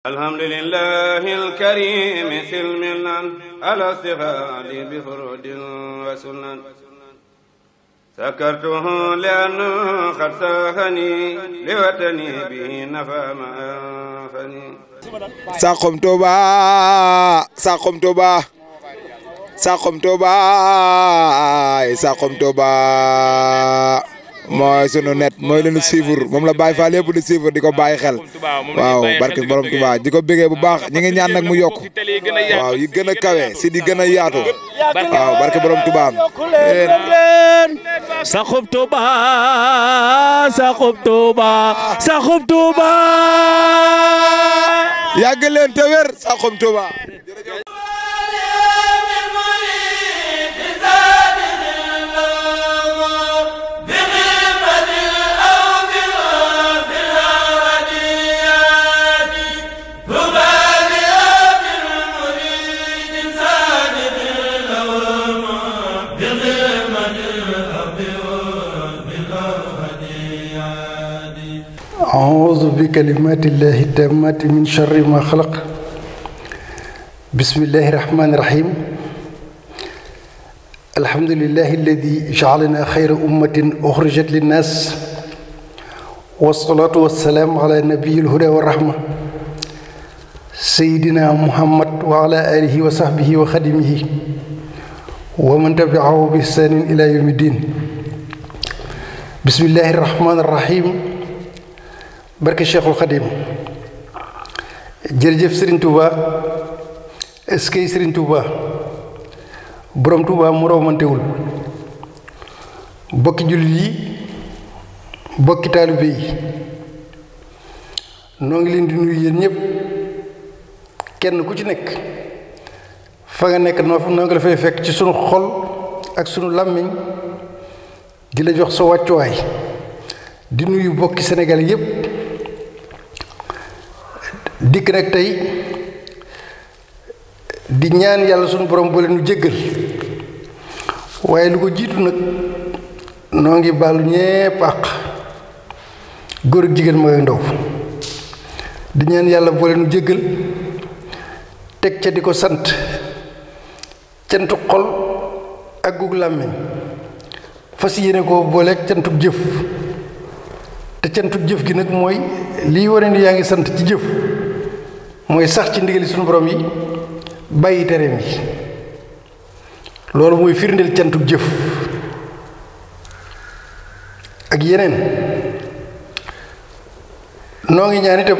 alhamdulillahi alkarimi silmilan alastihadi bi furudin wa sunan sakartuhu qad saxani li watani bihi nafa ma anfani moo sunu net mooy lu ñu suivre moom la Baye Fall yëpp di suivre di ko bàyyi xel waaw barke borom Touba di ko bëggee bu baax ñi ngi ñaan nag mu yokk waaw yi gën a kawe si di gën a yaatu waaw barke borom Touba saxub Touba saxub Touba saxub Touba yàgg leen أعوذ بكلمات الله التامات من شر ما خلق بسم الله الرحمن الرحيم الحمد لله الذي جعلنا خير أمة أخرجت للناس والصلاة والسلام على نبي الهدى والرحمة سيدنا محمد وعلى آله وصحبه وخدمه ومن تبعه بإحسان إلى يوم الدين بسم الله الرحمن الرحيم barke Cheikhul Khadim jërëjëf Serigne Touba eskey Serigne Touba borom Touba mu bokki jullit yi bokki taalibe yi noo ngi leen di nuyu yéen ñëpp kenn ku ci nekk fa nga nekk noo noo ngi la fay fekk ci sunu xol ak sunu làmmiñ di la jox sa wàccuwaay di nuyu bokki senegal yëpp. dikk nag tey di ñaan yàlla sunu borom boole nu jéggal waaye lu ko jiitu nag noo ngi baalu ñépp àq góor ak jigéen mag ak ndaw di ñaan yàlla boole nu jéggal teg ca di ko sant cantu xol ak gug làmmiñ fas yéene koo booleeg cantug jëf te cantu jëf gi nag mooy lii wane yaa ngi sant ci jëf mooy sax ci ndigali suñu borom yi bàyyi tereem yi loolu mooy firndeel cantu jëf ak yeneen noo ngi ñaan itam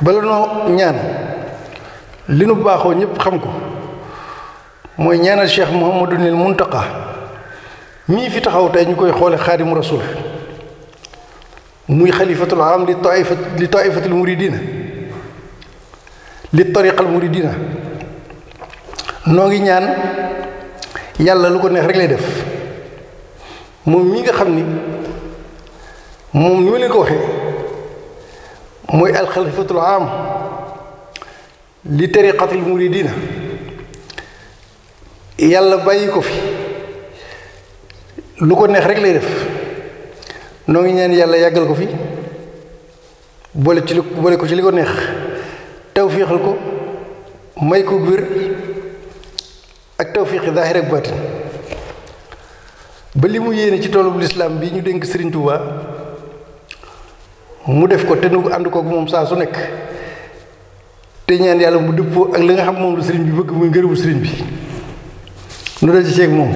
bala noo ñaan li nu baaxoo ñëpp xam ko mooy ñaanal cheikh Mouhamadunil Muntaqa mii fi taxaw tey ñu koy xoole xaadimu rasul muy xalifatul am li taifat li taifatul muridina li tariqal diina noo ngi ñaan yàlla lu ko neex rek lay def moom mi nga xam ni moom ni ma leen ko waxee mooy alxalifatul am li tariqatil muridina yàlla bàyyi ko fi lu ko neex rek lay def noo ngi ñaan yàlla yàggal ko fi boole ci li boole ko ci li ko neex tawfiixal ko may ko wér ak tawfiixi zaahir ak baatin ba li mu yéene ci toolu lislaam bi ñu dénk Serigne Touba mu def ko te nu ànd koog moom saa su nekk te ñaan yàlla mu dëppoo ak li nga xam moom lu sëriñ bi bëgg muy ngërëmu Serigne bi nu dal ci ceeg moom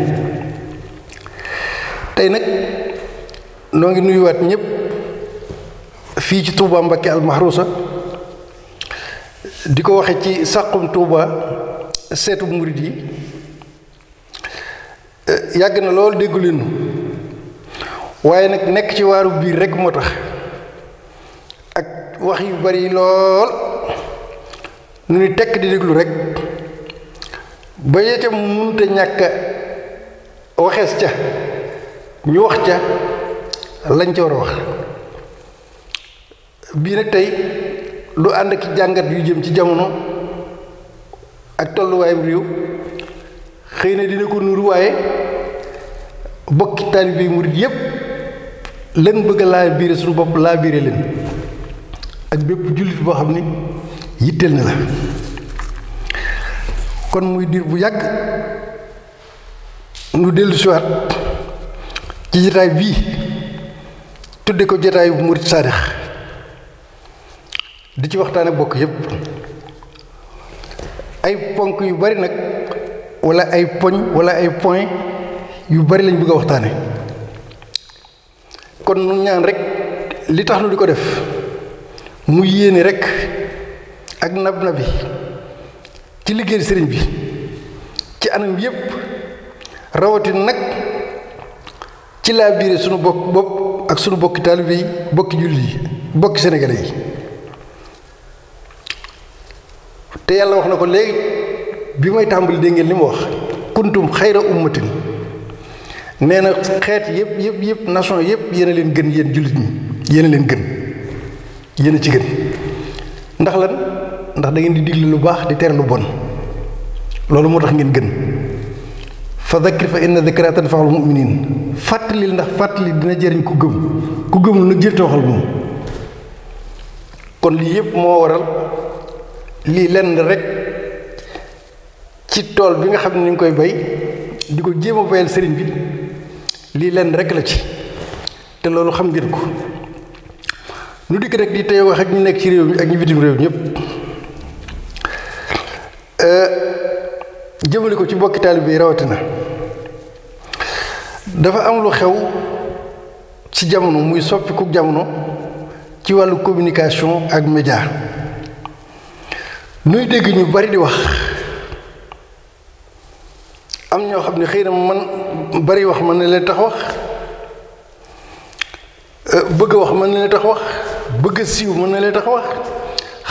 tey nag noo ngi nuyuwaat ñépp fii ci Touba Mbacké al di ko waxe ci sàqum tuuba seetu murit yi eh, yàgg na lool déggu leen waaye nag nekk ci waaru biir rekk moo tax ak wax yu bari lool nu ni tekk di déglu rekk ba yeete munute ñàkk waxees ca ñu wax ca lañ ca war a wax bii nag tey lu ànd ak jàngat yu jëm ci jamono ak tolluwaayam réew xëy na dina ko nuru waaye bokki taalibe murit yépp leen bëgg a laa biire suñu bopp laa biire leen ak bépp jullit boo xam ni yitteel na la kon muy diir bu yàgg nu dellusiwaat siwaat ci jataay bii tudde ko jataay bu murit saadix di ci waxtaan bokk yépp ay ponk yu bari nag walla ay poñ wala ay point yu bari lañ bëgg waxtaane kon nu ñaan rek li tax nu di ko def mu yéene rek ak nab nabi ci liggéey sëriñ bi ci anam yépp rawatin nag ci laa biire sunu bokk bopp ak sunu bokki taalibe yi bokki julli yi bokki sénégalais yi te yàlla wax na ko léegi bi may tàmbali de ngeen li mu wax kuntum xayra ummatin nee na xeet yëpp yëpp yëpp nation yëpp yéen leen gën yéen jullit mi yéen leen gën yéen a ci gën ndax lan ndax dangeen di digle lu baax di tere lu bon loolu moo tax ngeen gën fa dakkir fa inna dikraa tanfaul muminin fàttalil ndax fàttali dina jëriñ ku gëm ku gëmul nag jël tooxal moom kon lii yëpp moo waral lii lenn rek ci tool bi nga xam ne ñu ngi koy bay di ko jéem a bayal sëriñ bi lii lenn rek la ci te loolu xam ngeen ko lu dikk rek di tey wax ak ñu nekk ci réew mi ak ñu bitim réew ñëpp eh, jëmale ko ci mbokki taalibe rawatina dafa am lu xew ci jamono muy soppiku jamono ci wàllu communication ak média nuy dégg ñu bari di wax am ñoo xam ne xëy na man bari wax mën na leen tax wax euh, bëgg wax mën na leen tax wax bëgg siiw mën na leen tax wax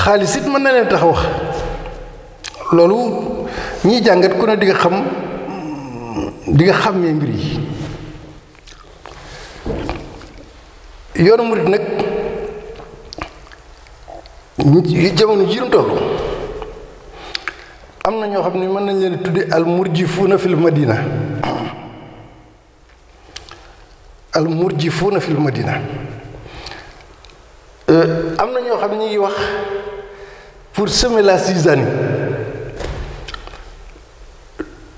xaalis mën na leen tax wax loolu ñiy jàngat ku ne di nga xam di nga xàmmee mbir yi yoonu murit nag jamono ji ñu toll na ñoo xam ne mën nañ leen tuddi al murjifuuna fil madina al murjifuuna fil madina euh, am na ñoo xam ne ñu wax pour semer la zizanie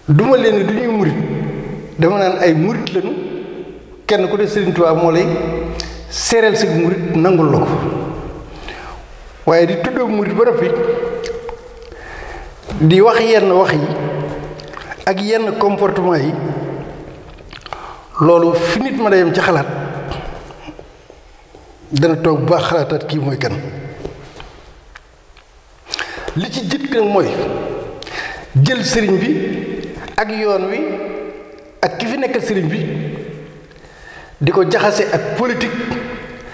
duma leen du ñuy murit dama naan ay murit lañu kenn ku def Sëriñ Tuubaa moo lay seereel si murit nangul la ko waaye di tuddoo murit ba noppi di wax yenn wax yi ak yenn comportement yi loolu fi nit mën a yem ci xalaat dana toog bu baax xalaataat kii mooy kan li ci jit nag mooy jël sëriñ bi ak yoon wi ak ki fi nekkal sëriñ bi di ko jaxase ak politik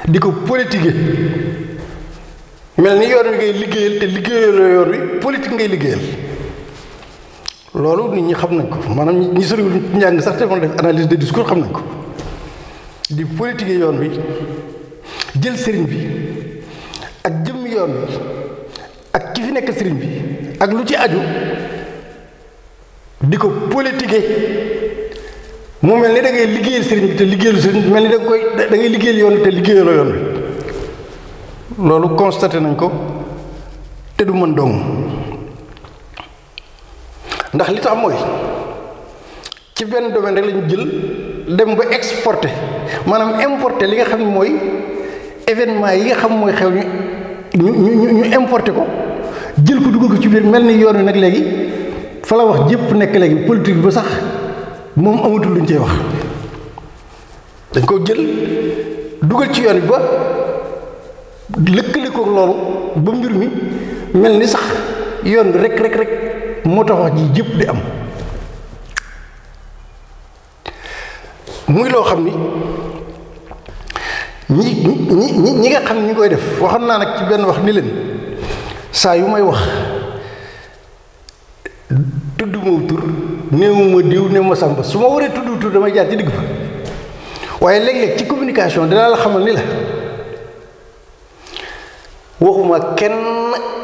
di ko politiquer mel ni yoon wi ngay liggéeyal te liggéeyal la yoon wi politique ngay liggéeyal loolu nit ñi xam nañ ko maanaam ñi soriwul njàng sax te mën def analyse de discours xam nañ ko di politique yoon wi jël sëriñ bi ak jëmm yoon wi ak ki fi nekk sëriñ bi ak lu ci aju di ko politique mu mel ni da ngay liggéeyal sëriñ bi te liggéeyalu sëriñ bi mel ni da nga koy da ngay liggéeyal yoon te liggéeyaloo yoon wi loolu constaté nañ ko te du mën dong ndax li tax mooy ci benn domaine rek lañu jël dem ba exporté maanaam importé li nga xam ne mooy événement yi nga xam mooy xew ñu ñu ñu ñu importé ko jël ko dugal ko ci biir mel ni yoon wi nag léegi fa la wax jëpp nekk léegi politique bi sax moom amatul luñ ciy wax dañ koo jël dugal ci yoon bi ba. lëkkale koog loolu ba mbir mi mel ni sax yoon bi rek rek rek moo tax wax ji jépp di am muy loo xam ni ñi ñi ñi ñi nga xam ni ñu koy def waxam naa nag ci benn wax ni leen saa yu may wax tudd moom tur néewuma diw néew ma sàmba su ma waree tudd tur damay jaar ci digg fa waaye léeg-léeg ci communication dinaa la xamal ni la waxuma kenn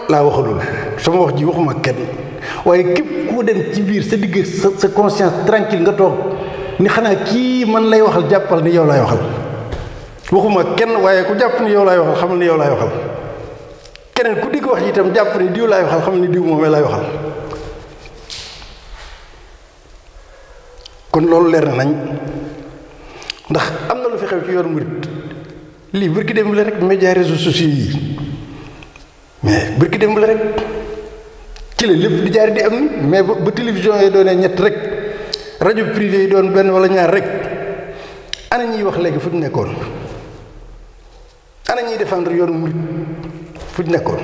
laa waxalul sama wax ji waxuma kenn waaye képp koo dem ci biir sa digg sa sa conscience tranquille nga toog ni xanaa kii man lay waxal jàppal ni yow lay waxal waxuma kenn waaye ku jàpp ni yow laay waxal xamal ni yow laay waxal keneen ku dégg wax ji itam jàpp ni diw laay waxal xam ni diw moomee lay waxal kon loolu leer nañ ndax am na lu fi xew ci yoonu murit lii bërki dem la rek média réseaux sociaux yi mais bërki démb la rek ci lépp di jaar di am ni mais ba télévision yi doonee ñett rek rajo privé yi doon benn wala ñaar rek ana ñuy wax léegi fu ñu nekkoon ana ñuy défendre yoonu murit fu ñu nekkoon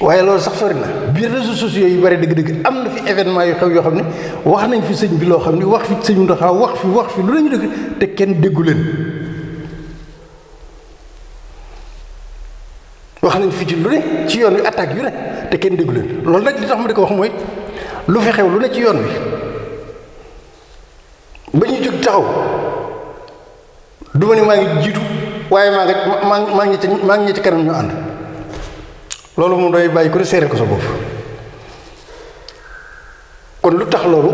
waaye loolu sax sori na biir réseaux sociaux yi bari dëgg-dëgg am na fi événement yu xew yoo xam ne wax nañ fi sëñ bi loo xam ne wax fi sëñ Mountakha wax fi wax fi lu lañu dëgg te kenn déggu leen wax nañ fi ji lu ne ci yoon wi attaque yu ne te kenn déglu loolu nag li tax ma di ko wax mooy lu fi xew lu ne ci yoon wi ba ñuy jóg taxaw du ma maa ngi jiitu waaye maa ngi maa ngi maa ci maa ngi ci kanam ñu ànd loolu moom dooy bàyyi ko ne seereel ko sa bopp kon lu tax loolu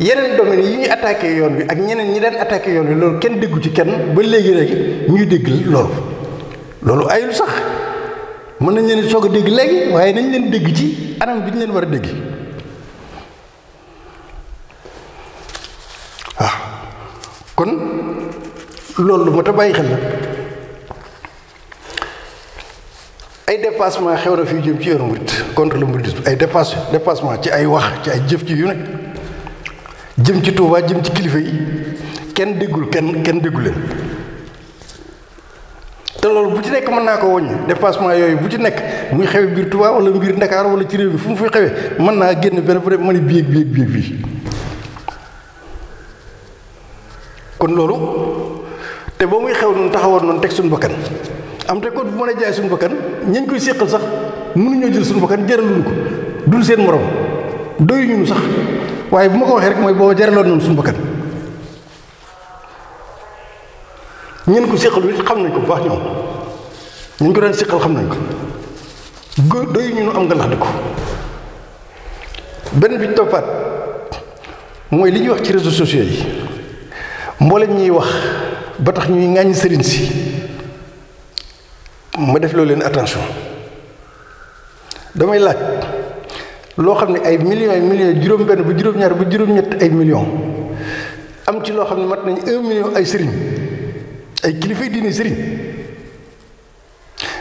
yeneen domaine yi ñuy attaqué yoon wi ak ñeneen ñi daan attaqué yoon wi loolu kenn déggu ci kenn ba léegi léegi ñuy dégg loolu loolu ayul sax. mën nañ leen soog a dégg léegi waaye nañ leen dégg ci anam bi ñu leen war a dégg waaw kon loolu lu mat a bàyyi xel la ay dépassement xew na fi jëm ci yoonu murit contre le mouridisme ay dépasse dépassement ci ay wax ci ay jëf ci yu nekk jëm ci Tuubaa jëm ci kilifa yi kenn déggul kenn kenn déggu leen te loolu bu ci nekk mën naa ko wàññi dépassement yooyu bu ci nekk muy xew biir Touba wala biir Ndakaar wala ci réew mi fu mu fi xewe mën naa génn benn benn mën a biyeeg biyeeg bii kon loolu te ba muy xew noonu taxawoon noonu teg suñu bakkan am te kon bu mën a jaay suñu bakkan ñañ koy séqal sax mënuñoo jël suñu bakkan jaraluñu ko dul seen morom doyuñu sax waaye bu ma ko waxee rek mooy boo jaraloon noonu suñu bakkan ñeen ko séqal it xam nañ ko bu baax ñoom ñeen ko daan séqal xam nañ ko gë doy ñu am nga lax di ko benn bi toppaat mooy li ñuy wax ci réseau sociaux yi mboolem ñuy wax ba tax ñuy ŋàññ sëriñ si ma def loo leen attention damay laaj loo xam ne ay millions ay millions juróom benn bu juróom-ñaar bu juróom-ñett ay million am ci loo xam ne mat nañ un million ay sëriñ ay kilifay diine sëriñ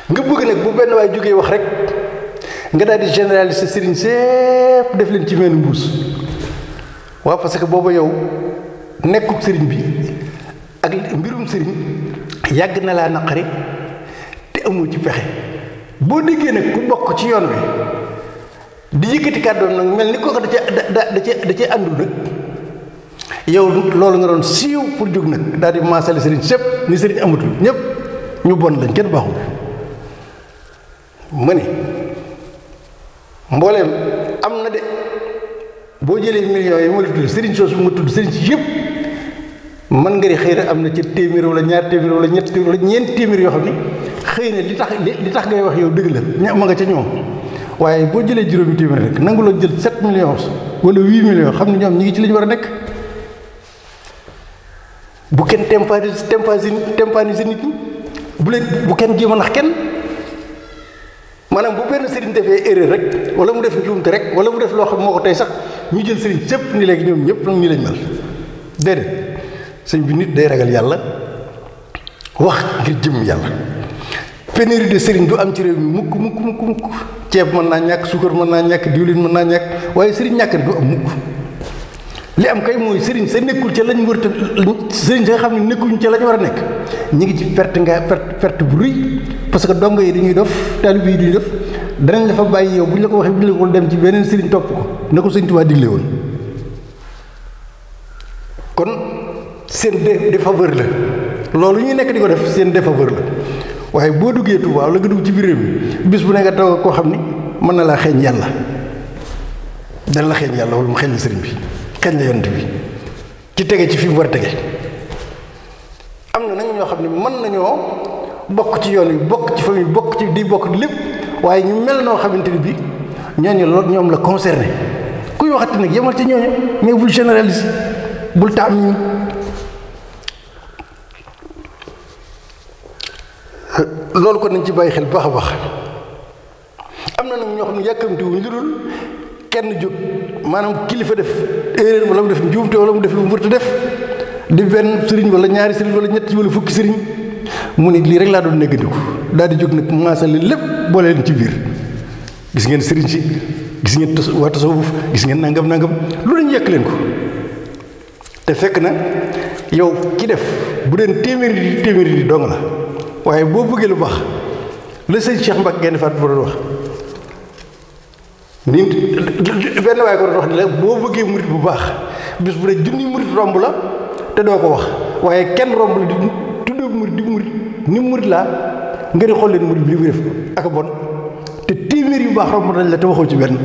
nga bëgg nag bu benn waay jógee wax rek nga daal di généraliser sëriñ sépp def leen ci benn mbuus waaw parce que booba yow nekkuk sëriñ bi ak mbirum yàgg na laa naqari te amoo ci pexe boo déggee nag ku bokk ci yoon wi kàddoon nag mel ni kooku da ca da da da ca àndul nag yow loolu nga doon siiw pour jóg nag daal di maasale sëriñ sëpp ni sëriñ amatul ñëpp ñu bon lañ kenn baaxul mu ne mbooleem am na de boo jëlee millions yi ma la tudd sëriñ soosu nga tudd sëriñ si yëpp mën nga ne xëy na am na ci téeméer wala ñaar téeméer wala ñett téeméer wala ñeent téeméer yoo xam ne xëy na li tax li tax ngay wax yow dëgg la ña ma nga ca ñoom waaye boo jëlee juróomi téeméer rek nangu loo jël 7 millions wala 8 millions xam ne ñoom ñi ngi ci lañu ñu war a nekk bu kenn tympanis si nit ñu bu leen bu kenn jéem a nax kenn maanaam bu benn sëriñ defee erreur rek wala mu def njuumte rek wala mu def loo xam moo ko tey sax ñu jël sëriñ sëpp ni léegi ñoom ñëpp nag nii lañ mel déedéet sëñ bi nit day ragal yàlla wax ngir jëm yàlla pénurie sëriñ du am ci réew mi mukk mukk mukk mukk ceeb mën naa ñàkk suukar mën naa ñàkk diwlin mën naa ñàkk waaye sëriñ ñàkk du am mukk li am kay mooy sëriñ sa nekkul ca lañ wërta sëriñ sa xam ne nekkuñu ca lañu war a nekk ñu ngi ci perte nga pert perte bu rëy parce que dongo yi ñuy def taalibe yi duñu def danañ dafa bàyyi yow bu ñu la ko waxee bu bi la ko dem ci beneen sëriñ topp ko na ko sëriñ Tuubaa digle woon kon seen la loolu ñuy nekk di ko def seen défaveur la waaye boo duggee waaw la nga dugg ci biir réew mi bis bu ne nga taw koo xam ni mën na laa xeeñ yàlla dana la xeeñ yàlla wala mu xeeñ la sëriñ bi kañ la yonent bi ci tege ci fi mu war tege am na nag ñoo xam ne mën nañoo bokk ci yoon yi bokk ci famille bokk ci di bokk lépp waaye ñu mel noo xamante ni bi ñooñu loolu ñoom la concerné kuy waxati nag yemal ci ñooñu mais bul généralise bul taam ñi loolu ko nañ ci bàyyi xel baax baax am na nag ñoo xam ne yàkkamti lu dul kenn jóg maanaam kilifa def erreur wala mu def njuumte wala mu def lu mu wërta def di benn sëriñ wala ñaari sëriñ wala ñetti wala fukki sëriñ mu ne lii rek laa doon néggandiku daal di jóg nag maasal leen lépp boo leen ci biir gis ngeen sëriñ si gis ngeen tas waa tasawuf gis ngeen nangam nangam lu lañu yàq leen ko te fekk na yow ki def bu deen téeméeri di téeméeri di dong la waaye boo bëggee lu baax la sëñ Cheikh Mbacke Gaïndé Fatma doon wax ni benn waaye ko doon wax ni la boo bëggee murit bu baax bis bu ne junni murit romb la te doo ko wax waaye kenn romb la di tuddee murit di murit ni murit laa nga xool leen murit bi li ak bon te téeméer yu baax romb nañ la te waxoo ci benn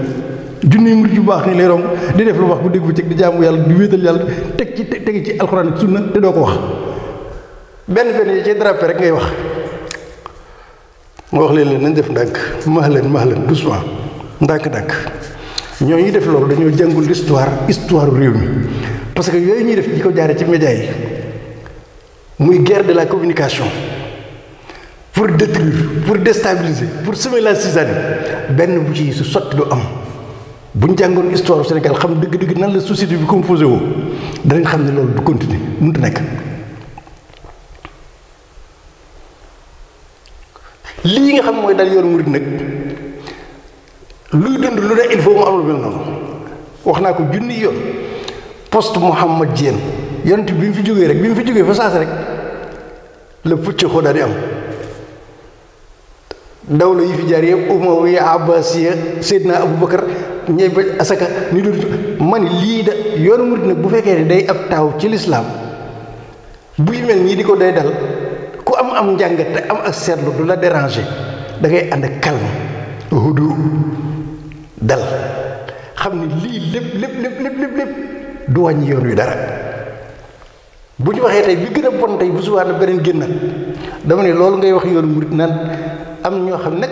junni murit yu baax ni lay romb di def lu wax bu dégg bu di jaamu yàlla di wéetal yàlla teg ci teg ci alxuraan sunna te doo ko wax benn benn yi ci drapé rek ngay wax moo wax leen leen nañ def ndànk max leen max leen doucement ndànk-ndànk ñooñu def loolu dañoo jàngul histoire histoire réew mi parce que yooyu ñuy def di ko jaaree ci médias yi muy guerre de la communication pour détruire pour déstabiliser pour semer la zizanie benn bu ci su sotti du am bu ñu jàngoon histoire Sénégal xam dëgg-dëgg nan la société bi composé woo danañ xam ne loolu du continuer ti nekk. lii nga xam mooy dal yoon murid nag. luy dund lu ne il faut mu amul mel noonu wax naa ko junni yoon poste Mouhamad Diène yonent bi mu fi jógee rek bi mu fi jógee fa saas rek la pucc xoo am di la yi fi jaar yëpp Umawiya Abbasiya Seydina Aboubacar ñey ba asaka ni dul ma ni lii da yoon murit nag bu fekkee ne day ab taaw ci lislaam buy mel nii di ko day dal ku am am njàngat te am ak seetlu du la déranger da ngay ànd ak dal xam ni lii lépp lépp lépp lépp lépp du wàññi yoon wi dara bu ñu waxee tey bi gën a bon tey bu subaa na beneen génnal dama ne loolu ngay wax yoon murit naan am ñoo xam nag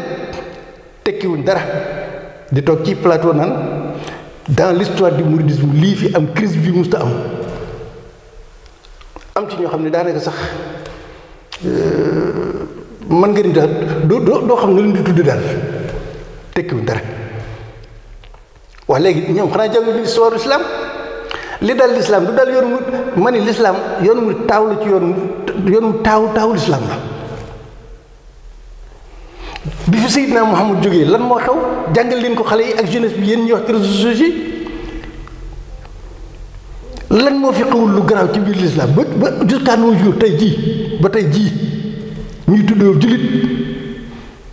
tekkiwuñ dara di toog ci plateau naan dans l'histoire du mouridisme lii fi am crise bi musta am am ci ñoo xam ne daanaka sax euh, mën nga ni doo doo doo xam ne lu di tudd daal tekkiwuñ dara waa léegi ñoom xanaa jànguñu histoire l'islam li dal l'islam du dal yoonu mu ma ni l'islam yoonu mu taaw la ci yoonu yoonu taaw taawu l'islam la bi fi Seydina Muhammad lan moo xew jàngal leen ko xale yi ak jeunesse bi yéen ñu wax ci réseaux yi lan moo fi xewul lu garaaw ci biir l'islam ba ba jusqu'à nos jours tey jii ba tey jii ñuy tuddoo jullit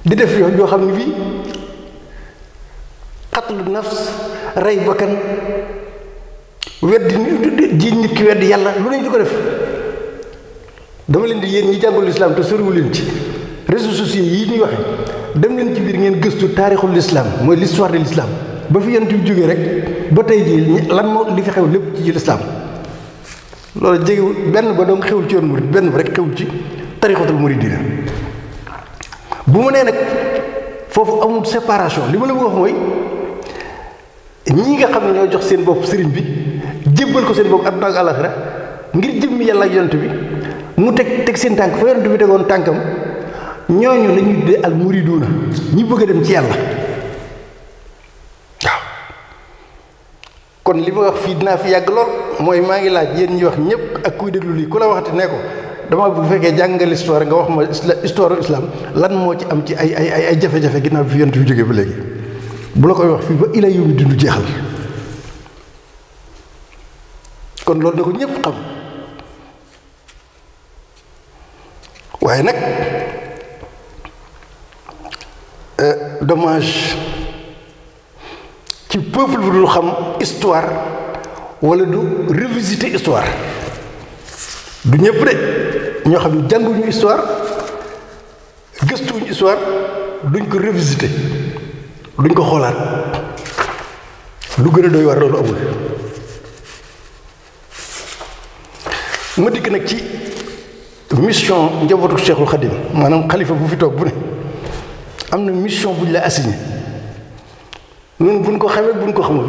di def yoo yoo xam ne fii xatlu nafs rey bakkan weddi ji nit ki weddi yàlla lu nañ di ko def dama leen di yéen ñi jàngul lislaam te soriwu ci réseaux sociaux yi ñuy waxe dem leen ci biir ngeen gëstu taarixul lislaam mooy l'histoire de l'islam ba fi yonent bi jógee rek ba tey jii lan moo li fi xew lépp ci lislaam loolu jegewul benn ba doom xewul ci yoon murid benn ba rek xewul ci tarixatul muridina bu mu nee nag foofu amul séparation li ma la wax mooy ñi nga xam ne ñoo jox seen bopp sëriñ bi jébbal ko seen bopp àdduna ak àllaxira ngir jëmmi yàlla ak yonent bi mu teg teg seen tànk fa yonent bi tegoon tànkam ñooñu la ñuy tuddee al ñi bëgg a dem ci yàlla waaw kon li ma wax fii dinaa fi yàgg lool mooy maa ngi laaj yéen ñi wax ñëpp ak kuy déglu lii ku la waxati ne ko dama bu fekkee jàngal histoire nga wax ma histoire islam lan moo ci am ci ay ay ay jafe-jafe ginnaaw bi fi yonent bi jógee ba léegi. bu la koy wax fii ba ila yow du di du jeexal kon loolu ne ko ñëpp xam waaye nag euh, domage ci peuple bi dul xam histoire walla du revisiter histoire du ñëpp de ñoo xam ne jànguñu histoire gëstuwuñu histoire duñ ko revisiter duñ ko xoolaat lu gën a doy war loolu amul ma dikk nag ci mission njabootu Cheikhul Khadim maanaam xalifa bu fi toog bu ne am na mission buñ la assigné ñun buñ ko xamee buñ ko xamul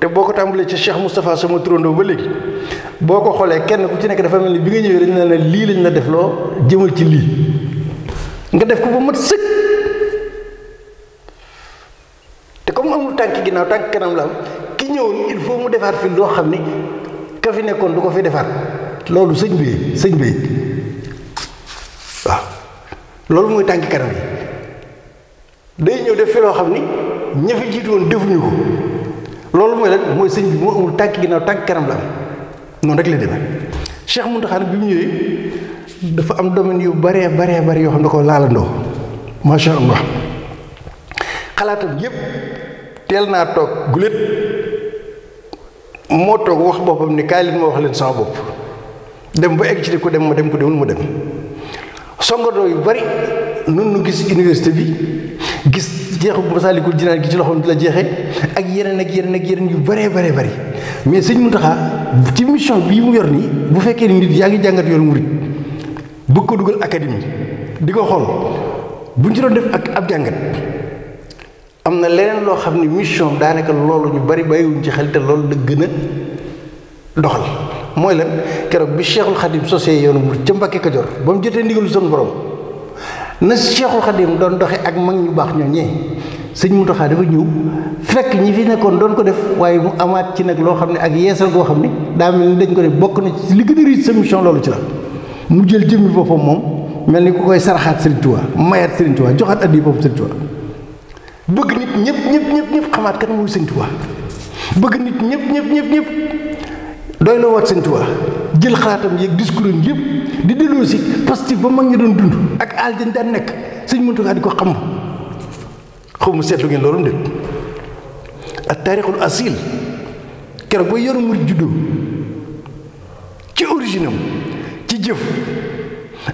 te boo ko tàmbalee ci Cheikh Moustapha sama turandoo ba léegi boo ko xoolee kenn ku ci nekk dafa mel ni bi nga ñëwee dañ la ne lii lañu la def loo jëmal ci lii nga def ko ba mat sëkk tànk ginnaaw tànk kanam la am ki ñëwoon il faut mu defaat fi loo xam ni ka fi nekkoon du ko fi defaat loolu sëñ bi sëñ bi waaw loolu mooy tànk kanam yi day ñëw def fi loo xam ni ña fi jiitu woon defuñu ko loolu mooy lan mooy sëñ bi moo amul tànk ginnaaw tànk kanam la am noonu rek la demee Cheikh Mountakha bi mu ñëwee dafa am domaine yu baree baree bari yoo xam ne da ko laalandoo macha allah xalaatam yépp teel naa toog gulet moo toog wax boppam ni kaay leen ma wax leen sama bopp dem ba egg ci di ko dem ma dem ko demul ma dem songandoo yu bari nun nu gis université bi gis jeexu Masaalikul Jinaan gi ci loxoom di la jeexee ak yeneen ak yeneen ak yeneen yu baree baree bari mais sëñ Mountakha ci mission bi mu yor ni bu fekkee ni nit yaa ngi jàngat yoonu murit bugg ko dugal académie di ko xool bu ñu doon def ak ab jàngat am na leneen loo xam ne mission daanaka loolu ñu bari bàyyiwuñ ci xel te loolu la gën a doxal mooy lan keroog bi Cheikhul Khadim sosee yoonu mu ca Mbàkke Kajoor ba mu jotee ndigalu sunu borom na Cheikhul Khadim doon doxe ak mag ñu baax ñoo ñee sëñ Muntaxa dafa ñëw fekk ñi fi nekkoon doon ko def waaye mu amaat ci nag loo xam ne ak yeesal goo xam ne daa mel ko def bokk na li gën a loolu ci la mu jël jëmmi boppam moom mel ni ku koy saraxaat Sëriñ Tuubaa mayaat Sëriñ Tuubaa joxaat addi boppam Sëriñ Tuubaa bëgg nit ñëpp ñëpp ñëpp ñëpp xamaat kan mooy sëñ Tuubaa bëgg nit ñëpp ñëpp ñëpp ñëpp doy na waat sëñ Tuubaa jël xalaatam yi discours am yëpp di delloo si positif ba mag ñi doon dund ak àll dañ daan nekk sëñ Muntaxaa di ko xam xaw ma seetlu ngeen loolu ndéet ak taarixul asil keroog ba yoru murid juddoo ci originam ci jëf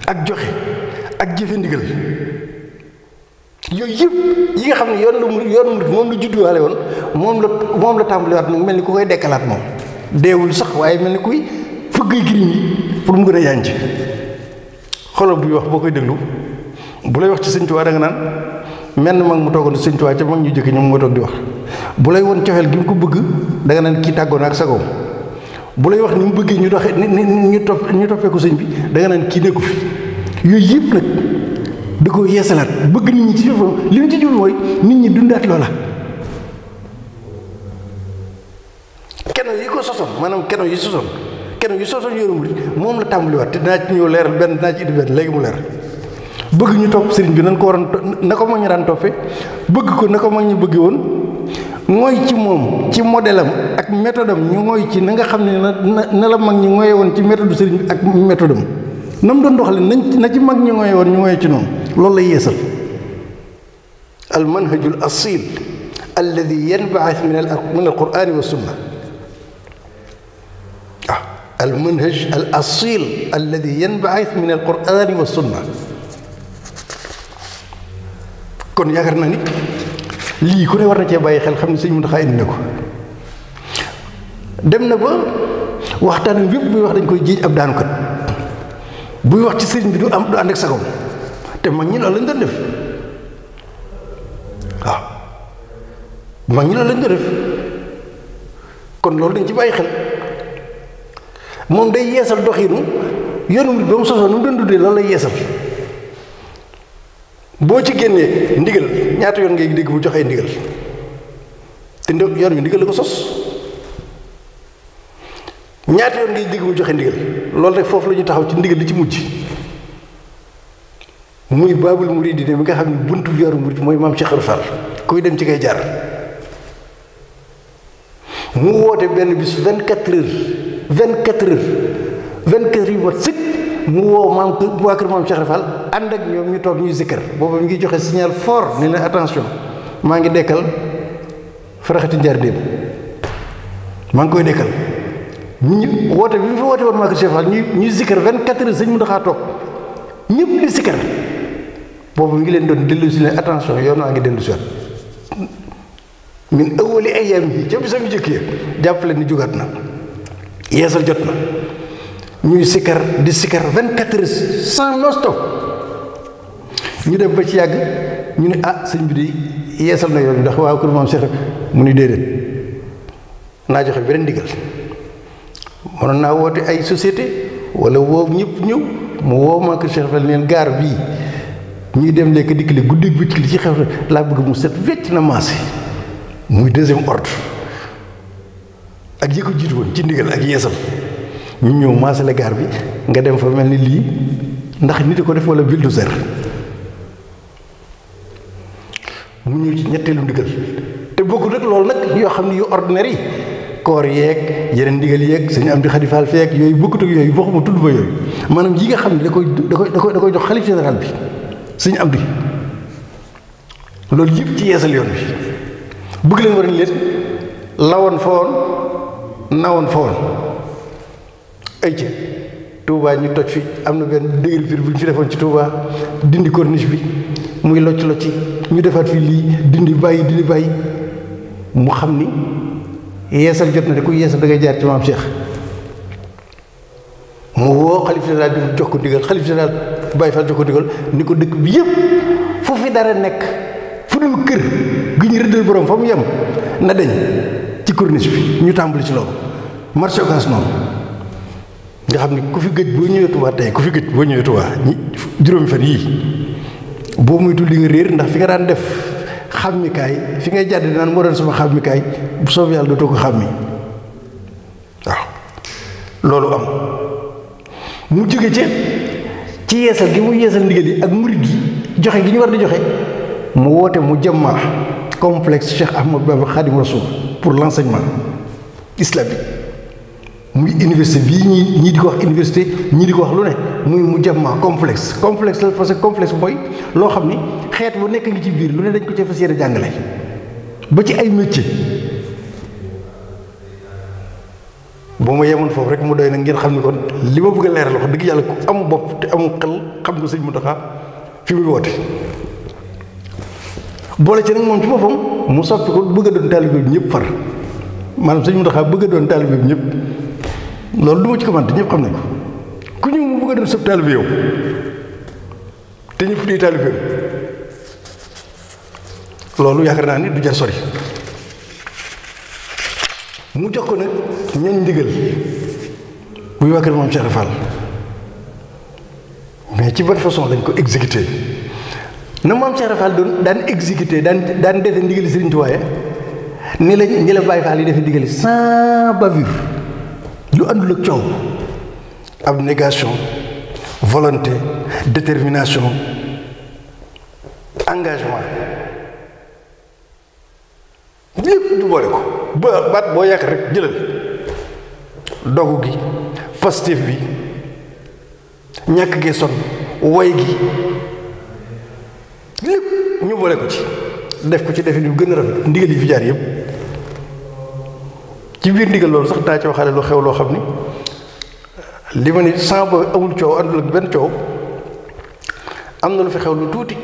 ak joxe ak jëfe ndigal yooyu yëpp yi nga xam ne yoon la mu yoon mu moom la judduwaale woon moom la moom la tàmbaliwaat mu mel ni ku koy dekkalaat moom deewul sax waaye mel ni kuy fëgg giriñ yi pour mu gën a yànj buy wax boo koy déglu bu lay wax ci sëñ Tuubaa da nga naan menn mag mu toogoon sëñ Tuubaa ca mag ñu jëkk ñoom moo toog di wax bu lay woon cofeel gi mu ko bëgg da nga naan kii tàggoon ak sagoom bu lay wax ni mu bëggee ñu doxee ni ñu topp ñu toppee ko sëñ bi da nga naan kii nekku fi da koo yeesalaat bëgg nit ñi ci fefam li mu ci jub mooy nit ñi dundaat loola keno yi ko sosoon maanaam keno yi sosoon keno yi sosoon yoonu moom la tàmbaliwaat te dinaa ñëw leeral benn dinaa ci indi benn mu leer bëgg ñu topp sëriñ bi nan ko waroon na ko mag ñi daan toppee bëgg ko na ko mag ñi bëggee woon mooy ci moom ci modèle am ak méthode ñu mooy ci na nga xam ne na na la mag ñi ngoye woon ci méthode sëriñ bi ak méthode am na mu doon doxale nañ na ci mag ñi ngoye woon ñu ngoye ci noonu loolu la yeesal al manhaju al asil alladi yanbaas min al min al qurani wa sunna ah al manhaj al asil alladi yanbaas min al qurani yaakaar naa ni lii ku ne war na cee bàyyi xel xam ne sëñ Muntaxa indi na ko dem na ba waxtaan wi yëpp buy wax dañ koy jiij ab daanukat buy wax ci sëriñ bi du am du ànd ak te mag ñi loolu lañ doon def waaw mag ñi loolu lañ doon def kon loolu dañ ci bàyyi xel moom day yeesal doxinu yoonu murid ba mu sosoo nu mu doon dundee lay yeesal boo ci génnee ndigal ñaati yoon ngay dégg bu joxee ndigal te yoon wi ndigal la ko sos ñaata yoon ngay dégg mu joxe ndigal loolu rek foofu la ñu taxaw ci ndigal li ci mujj muy baabul muridi ne mi nga xam ne buntu bi yoru murid mooy maam Cheikh Ibra Fall kuy dem ci kay jaar mu woote benn bis vingt quatre heures vingt quatre heures vingt quatre heures yu mat sëkk mu woo maam waa kër maam Cheikh Ibra Fall ànd ak ñoom ñu toog ñuy zikkar boobu mi ngi joxe signal fort ne leen attention maa ngi dekkal faraxati njaar démb maa ngi koy dekkal ñu woote bi mu fa woote woon maa kër Cheikh Ibra Fall ñuy ñuy zikkar vingt quatre heures sëñ mu ndaxaa toog ñëpp di zikkar boobu mi ngi leen doon dellu si leen attention yow naa ngi dellu si waat min ëwali ayam yi ca bisam jëkk ya jàppale ni jugaat na yeesal jot na ñuy sikkar di sikkar vingt-quatre heures sans non stop ñu dem ba ci yàgg ñu ni ah sëñ bi di yeesal na yoon ndax waaw kër moom seex mu ni déedéet naa joxe beneen ndigal mënoon naa woote ay société wala woo ñëpp ñëw mu woo ma kër Cheikh leen gaar bii ñuy dem lekk dikkali guddi bëccëg li ci xew laa bëgg mu set wecc na maase muy deuxième ordre ak yi ko jiitu woon ci ndigal ak yeesal ñu ñëw maasale gaar bi nga dem fa mel ni lii ndax nit ko def wala bulldozer mu ñëw ci ñetteelu ndigal te bokkul rek loolu nag yoo xam ne yu ordinaire yi koor yeeg yeneen ndigal yeeg suñu am di xadifaal feeg yooyu bokkut yooyu bokkuma tudd ba yooyu maanaam yi nga xam ne da koy da koy da koy jox xalif général bi am bi loolu yëpp ci yeesal yoon bi bëgg leen war leen lawoon fa woon nawoon fa woon ay ca Touba ñu toj fi am na benn déglu biir bu ñu fi defoon ci Touba dindi corniche bi muy locc locci ñu defaat fii lii dindi bàyyi dindi bàyyi mu xam ni yeesal jot na de ku yeesal da ngay jaar ci maam Cheikh mu woo xalif général bi mu jox ko ndigal xalif général Baye Fall jox ko ni ko dëkk bi yëpp fu fi dara nekk fu dul kër gi ñu rëddal borom fa mu yem na deñ ci corniche bi ñu tàmbali ci loolu marché occas noonu nga xam ni ku fi gëj boo ñëwee Tuubaa tey ku fi gëj boo ñëwee Tuubaa juróomi fan yii boo moytul li nga réer ndax fi nga daan def xàmmikaay fi ngay jàdd naan moo doon sama xàmmikaay bu soob yàlla dootoo ko xàmmi loolu am mu jóge ci ci yeesal gi mu yeesal ndigal yi ak murit gi joxe gi ñu war di joxe mu woote mu jëmmaa complexe Cheikh Ahmadou Bamba Khadim Rasoul pour l'enseignement bi muy université bii ñii ñii di ko wax université ñii di ko wax lu ne muy mu jëmmaa complexe complexe la parce que complexe mooy loo xam ni xeet bu nekk ngi ci biir lu ne dañ ko ca fas yéene jàngale ba ci ay métier ba ma yemoon foofu rek mu doy na ngeen xam ni kon li ma bëgg a leeral wax dëgg yàlla ku am bopp te amul xel xam nga sëñ Muntaxa fi muy woote boole ci nag mu soppi ko bëgg a doon taalibe bi ñëpp far maanaam sëñ Muntaxa bëgg a doon taalibe bi ñëpp loolu du ma ci commenté ñëpp xam ne ko ku ñëw mu bëgg a doon sëb taalibe yow te ñëpp di taalibe loolu yaakaar naa ni du jar sori mu jox ko nag ñañ ndigal muy waa kër maam Cheikh Fall mais ci bonne façon lañ ko exécuté na maam Cheikh Fall doon daan exécuté daan daan defe ndigali Serigne Touba ni la ñi la Baye Fall yi defe ndigali sans bavure lu àndul ak coow abnégation volonté détermination engagement ñëpp du boole ko ba baat boo yàq rek jëlal dogu gi pastif bi ñàkk gee sonn way gi lépp ñu boole ko ci def ko ci defe ñu gën a rafet ndigal yi fi jaar yëpp ci biir ndigal loolu sax daa ci lu xew loo xam ni li ma ni sans ba amul coow àndul ak benn coow am na lu fi xew lu tuuti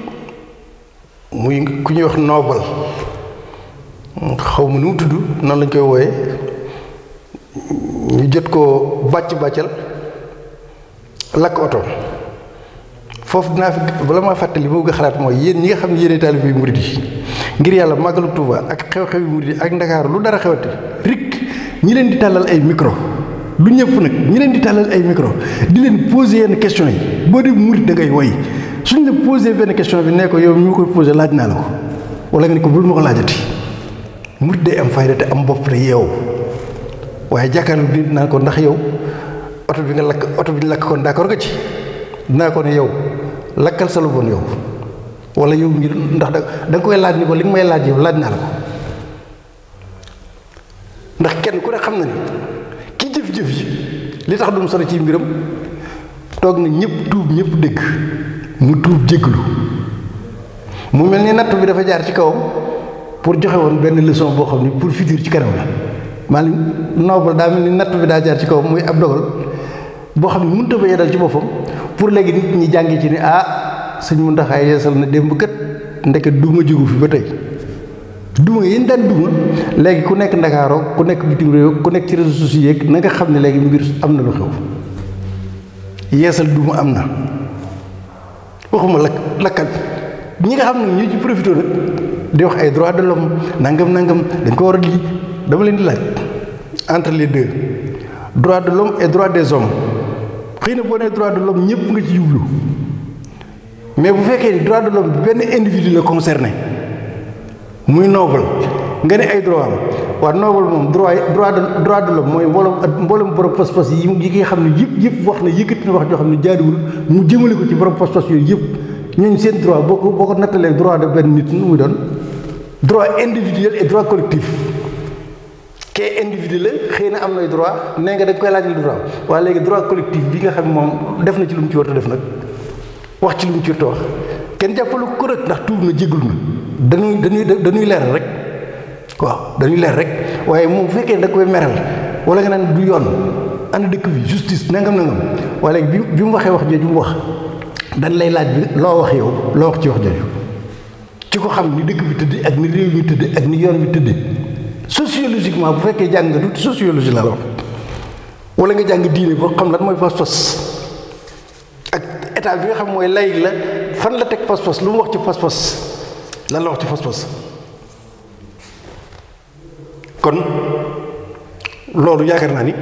muy ku ñuy wax noobal xaw ma nu mu tudd nan lañ koy wooye ñu jot ko bàcc bàccal lakk oto foofu dinaa fi bala maa fàttali li ma xalaat mooy yéen ñi nga xam ne yéen taalibe yi murid yi ngir yàlla màggalu Tuuba ak xew-xewi murid yi ak Ndakaaru lu dara xewate rik ñi leen di tàllal ay micro du ñëpp nag ñi leen di tàllal ay micro di leen pose yenn question yi boo dee murid da ngay woy suñu la posé benn question bi nekk ko yow ñu koy posé laaj naa la ko wala nga ne mu day am fayda te am bopp te yeewu waaye jàkkaarlu bi naan ko ndax yow oto bi nga lakk oto bi lakk kon d'accord nga ci dinaa ko yow lakkal sa yow wala yow ngi ndax da nga koy laaj ni ko may laaj yow naa ndax kenn ku ne xam na ni ki jëf-jëf yi li tax dum sori ci mbiram toog na ñëpp tuub ñëpp dégg mu tuub jégglu mu mel ni natt bi dafa jaar ci kawam pour joxe woon benn leçon boo xam ne pour futur ci kanam la maanaam noobu daa mel ni natt bi daa jaar ci kaw muy ab dogal boo xam ne mënut a bañ ci boppam pour léegi nit ñi jàngee ci ne ah sëñ Muntaxa yeesal na démb kat ndeket duma jógu fi ba tey duma yéen daan duma léegi ku nekk Ndakaaroo ku nekk bitim réew ku nekk ci réseaux sociaux yeeg na nga xam ne léegi mbir am na lu xew yeesal duma am na waxuma lakk lakkat ñi nga xam ne ñoo ci profité di wax ay droits de l'homme nangam nangam dañ ko war a lii dama leen di laaj entre les de droits de l'homme et droits des hommes xëy na boo nee droits de l'homme ñëpp nga ci jublu mais bu fekkee ni droit de l'homme benn individu la concerné muy noble nga ne ay droit am waa noble moom droit droit de droit de l'homme mooy mboolem mboolem borom yi yi nga xam ne yëpp yëpp wax na yëkkati na wax joo xam ne jaaduwul mu jëmale ko ci borom pas yooyu yëpp ñooñu seen droit boo boo ko nattalee droit de benn nit nu muy doon droit individuel et droit collectif kee individuel la xëy na am nay droit nee nga dañ koy laajal droit waa léegi droit collectif bi nga xam moom def na ci lu mu ci war def nag wax ci lu mu ci war wax kenn jàppalu ko rek ndax tuub na jégul na dañuy dañuy dañuy leer rek waaw dañuy leer rek waaye moom bu fekkee da koy meral wala nga naan du yoon na dëkk bi justice nangam nangam waaye léegi bi bi mu waxee wax jooju mu wax dañ lay laaj bi loo wax yow loo wax ci wax jooju. ci ko xam ni dëkk bi tëdd ak ni réew mi tëdd ak ni yoon bi tëdd sociologiquement bu fekkee jàng nga du sociologie la wax wala nga jàng diine boo xam lan mooy pas-pas ak état bi nga xam mooy lay la fan la teg pas lu mu wax ci pas-pas lan wax ci pas-pas kon loolu yaakaar naa ni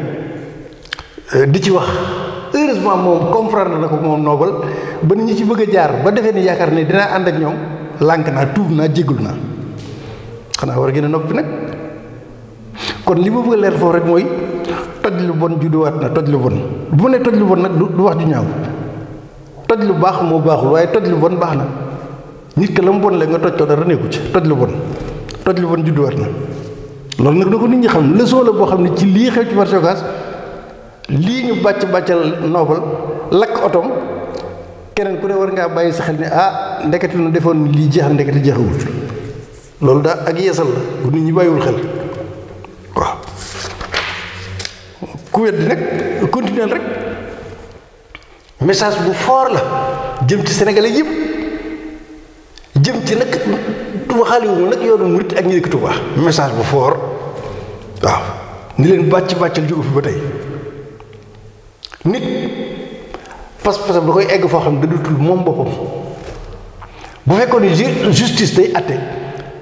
euh, di ci wax heureusement moom comprendre na ko moom noobal ba nit ñu ci bëgg a jaar ba defee ni yaakaar ne dinaa ànd ak ñoom lànk naa tuub naa jéggalu naa xanaa war a gën a noppi nag kon li ma bëgg leer foofu rek mooy toj lu bon judduwaat na toj lu bon bu ne toj lu bon nag du wax ju ñaaw toj lu baax moo baaxul waaye toj lu bon baax na nit ki la mu bon la nga toj ko dara nekku ci toj lu bon toj lu bon judduwaat na loolu nag na ko nit ñi xam leçon la boo xam ne ci lii xew ci marché Ocass lii ñu bàcc bàccal noobal lakk otom keneen ku ne war ngaa bàyyi sa xel ne ah ndekete na defoon lii jeex na ndekete jeexawul loolu daal ak yeesal la bu nit ñi bàyyiwul xel waaw ku weddi nag continuer rek message bu foor la jëm ci sénégalais yëpp jëm ci nag waxaaliwu nag yoonu murit ak ñi dëkk Tuubaa message bu foor waaw ni leen bàcc bàccal jógu fi ba tey nit pas-pasam da koy egg foo xam ne dëddutul moom boppam bu fekkoon ne justice day atte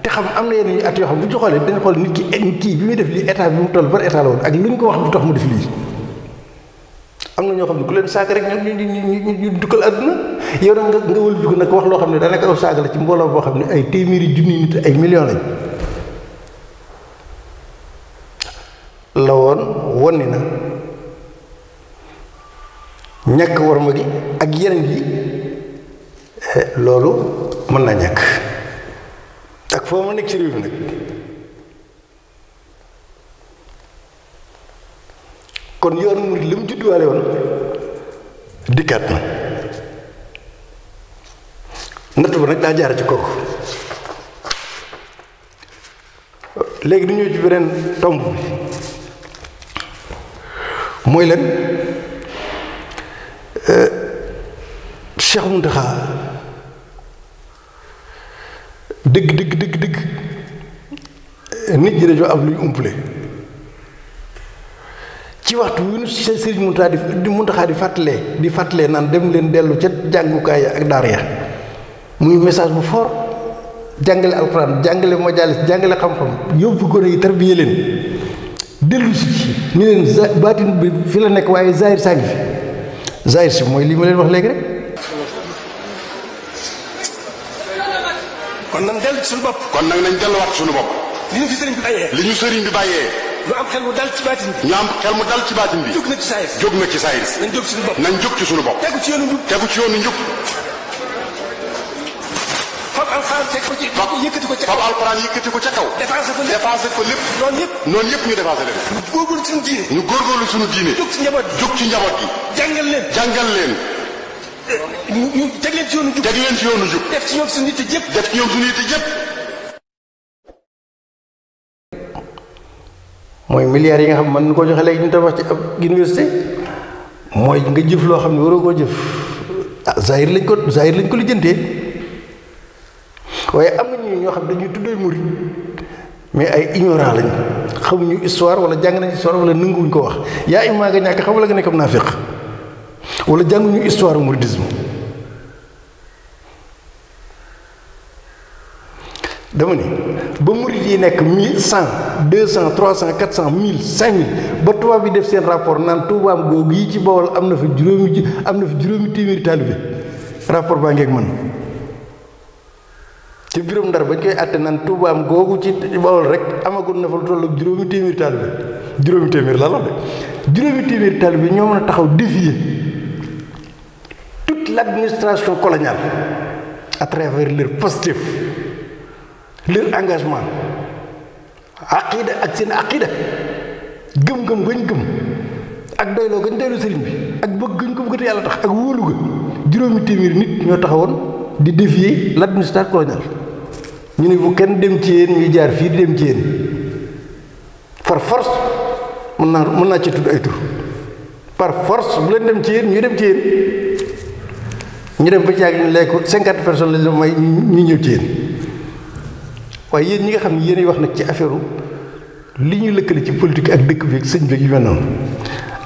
te xam am na yenn ñu atte yoo xam ne bu ñu xoolee dañu xool nit ki kii bi muy def lii état bi mu toll ban état la woon ak am na ñoo xam ne ku leen saaga rek ñu ñu ñu ñu dukkal nag wax loo xam ne daanaka aw saaga la ci mbooloo boo xam ne ay téeméeri junni nit ay millions lañ la woon na. ñàkk warma gi ak yeneen yi eh, loolu mën naa ñàkk ak foo ma nekk ci réew mi nag kon yoon mu li mu judduwaale woon dikkaat na natt nag daa jaar ci kooku léegi du ñëw ci beneen tomb bi mooy lan Euh, Cheikh Mountakha dëgg dëgg dëgg dëgg nit ñi dañoo am lu ñu umpale ci waxtu wi nu Sëriñ Mountakha di Mountakha di fàttalee di fàttalee naan dem leen dellu ca jàngukaay ya ak daara ya muy message bu fort jàngale alxuraan jàngale majaalis jàngale xam-xam yóbbu gone yi tarbiye leen dellu si ni leen baatin bi fi la nekk waaye zaahir saa Zahir si mooy lii ma leen wax léegi rek. kon nan dellu suñu bopp. kon nag nañ delluwaat ci suñu bopp. li ñu sëriñ bi bàyyee. li ñu sëriñ bi bàyyee. ñu am xel mu dal ci baatin bi. ñu am xel mu dal ci baatin bi. jóg na ci Zahir. na ci Zahir. nañ jóg suñu bopp. nañ jóg ci suñu bopp. tegu ci yoonu njub. tegu ci yoonu njub. alxuraan ko ci kaw yëkkati lépp défensé ko lépp. noonu yëpp noonu ci ci njaboot leen jàngal ci yoonu jub. teg leen mooy milliards yi nga xam mën na koo joxe léegi ñu tabax ci ab université mooy nga jëf loo xam ne waroo koo jëf ah zahir lañ ko zahir lañ ko lijjantee waaye am na ñoo xam dañuy tuddee murit mais ay ignorant lañ xamuñu histoire wala jàng nañ histoire wala nanguwuñ ko wax yaa imaa nga ñàkk xam wala nga nekk am naafiq wala jànguñu histoire mouridisme dama ni ba murid nekk mille cent deux cent trois cent quatre cent mille cinq ba tubaab bi def seen rapport naan tuubaam googu yi ci Bawol am na fa juróomi am na fa juróomi téeméeri taalibe rapport baa ngeeg man ci mbirum ndar bañ koy àtte nan tuubaam googu ci bawol rek amagul na fa lu tollu juróomi téeméer taalibe juróomi téeméer la de juróomi téeméer ñoo mën a taxaw défier toute l'administration coloniale à travers leur positif leur engagement aqida ak gëm-gëm gañ ak doyloo gañ doylu sëriñ bi ak bëgg gañ ko bëggati yàlla tax ak wóolu ga juróomi téeméer nit ñoo taxawoon di défier l'administration coloniale ñu ne bu kenn dem ci yéen ñuy jaar fii di dem ci yéen par force mën naa mën naa ci tudd ay tur par force bu leen dem ci yéen ñuy dem ci yéen ñu dem ba ci yàgg ñu lay ko cinquante personnes lañ la may ñu ñëw ci yéen waaye yéen ñi nga xam ne yéen wax nag ci affaire li ñuy lëkkale ci politique ak dëkk bi ak sëñ bi yu mel noonu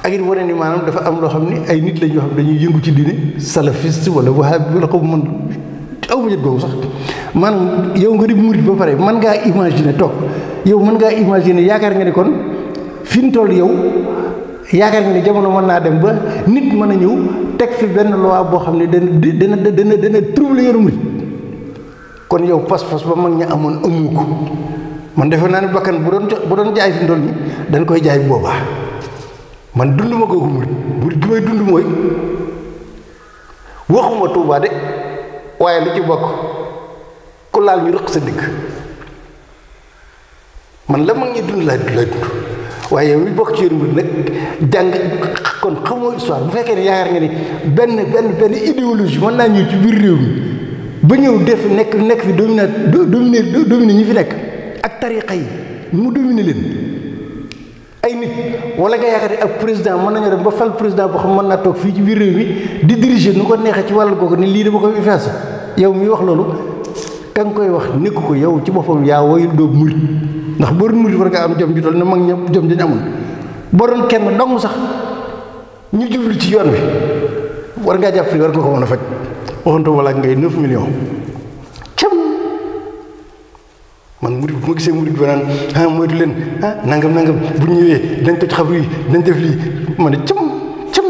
ak it wane ni maanaam dafa am loo xam ni ay nit la ñoo xam dañuy yëngu ci diine salafiste wala wahhabi wala ko mën aw ma jot googu sax. man yow nga di murit ba pare man ngaa imaginer toog yow mën ngaa imaginer yaakaar nga ne kon fi mu toll yow yaakaar nga ni jamono man naa dem ba nit mën a ñëw teg fi benn loi boo xam ne dana dana dana dana troubler yoonu murit kon yow pas-pas ba mag ña amoon amu ko man defe naa ne bakkan bu doon bu doon jaay fi mu toll dañ koy jaay boobaa man dund ma googu murit murit gi may dund mooy waxuma Tuubaa de waaye lu ci bokk. ku laal ñu rëq sa digg man la mag ñi dund laa laa dund waaye yow mi bokk ci yoon bi nag jàng kon xamoo histoire bu fekkee ne yaakaar nga ni benn benn benn idéologie mën naa ñëw ci biir réew mi ba ñëw def nekk nekk fi dominer dominer dominer ñi fi nekk ak tariqa yi mu dominer leen ay nit wala nga yaakaar ne ak président mën nañoo dem ba fal président boo xam mën naa toog fii ci biir réew mi di diriger nu ko neexee ci wàllu googu ni lii dama koy effacé yow mi wax loolu ka koy wax nekk ko yow ci boppam yaa woyul doo murit ndax boo doon murit war nga am jom ju toll na mag ñëpp jom dañu doon kenn dong sax ñu jublu ci yoon wi war ngaa jàpp war nga ko mën a faj waxantu wala ngay 9 millions cam man murit bu ma gisee murit ba naan ah moytu leen ah, nangam nangam bu ñëwee dañ toj xabru yi dañ def lii ma ne cam cam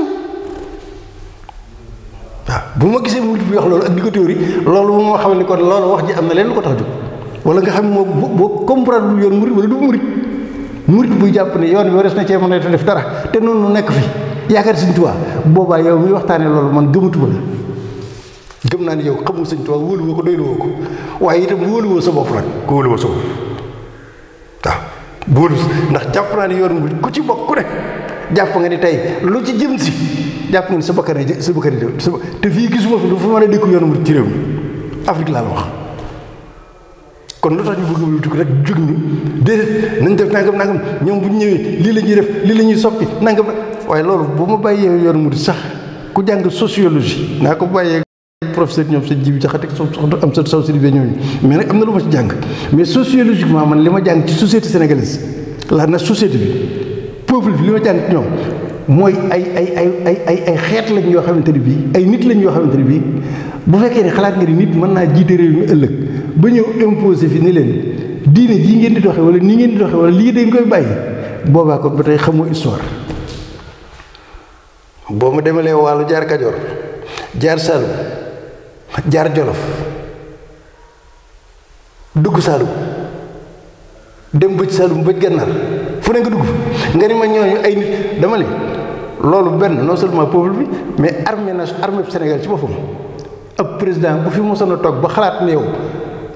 waaw bu ma gisee bi wax loolu ak di ko théorie loolu moo xam ni kon loolu wax ji am na leen ko tax jóg wala nga xam ne moo boo comprendre yoon murit wala du murit murit buy jàpp ne yoon bi warees na cee mën a def dara te noonu nekk fi yaakaar Sëñ Tuubaa boobaa yow muy waxtaanee loolu man gëmatuma la gëm naa ne yow xamul Sëñ Tuubaa wóoluwoo ko doyluwoo ko waaye itam wóoluwoo sa bopp nag ko wóoluwoo sa ndax jàpp naa ne yoon murit ku ci bokk ku ne jàpp nga ni tey lu ci jëm si jàpp ngeen sa bakkan yi sa bakkan yi te fii gisuma fi lu fa mën a dékku yoonu mu ci réew mi Afrique laa la wax kon lu tax ñu bëgg a tukki rek jóg ñu déedéet nañ def nangam nangam ñoom bu ñu ñëwee lii la ñuy def lii la ñuy soppi nangam waaye loolu bu ma bàyyee yoon mu di sax ku jàng sociologie naa ko bàyyee professeur ñoom sa jibi jaxate so am sa saw siribe ñooñu mais nag am na lu ma ci jàng mais sociologiquement man li ma jàng ci société sénégalaise la na société bi bi li ma jàng mooy ay ay ay ay ay ay xeet lañ yoo xamante ne bii ay nit lañ yoo xamante ne bii bu fekkee ne xalaat nga ni nit mën naa jiite réew mi ëllëg ba ñëw imposé fi ni leen diine jii ngeen di doxe wala nii ngeen di doxe wala lii dañ koy bàyyi boobaa kon ba tey xamoo histoire boo ma demalee wàllu jaar Kajoor jaar Saalum jaar Jolof dugg Saalum dem bëj Saalum bëj Gànnaar fu ne nga dugg nga ni ma ñooñu ay nit dama ne loolu benn non seulement peuple bi mais armée na armée Sénégal ci boppam ab président bu fi mosoon a toog ba xalaat ne yow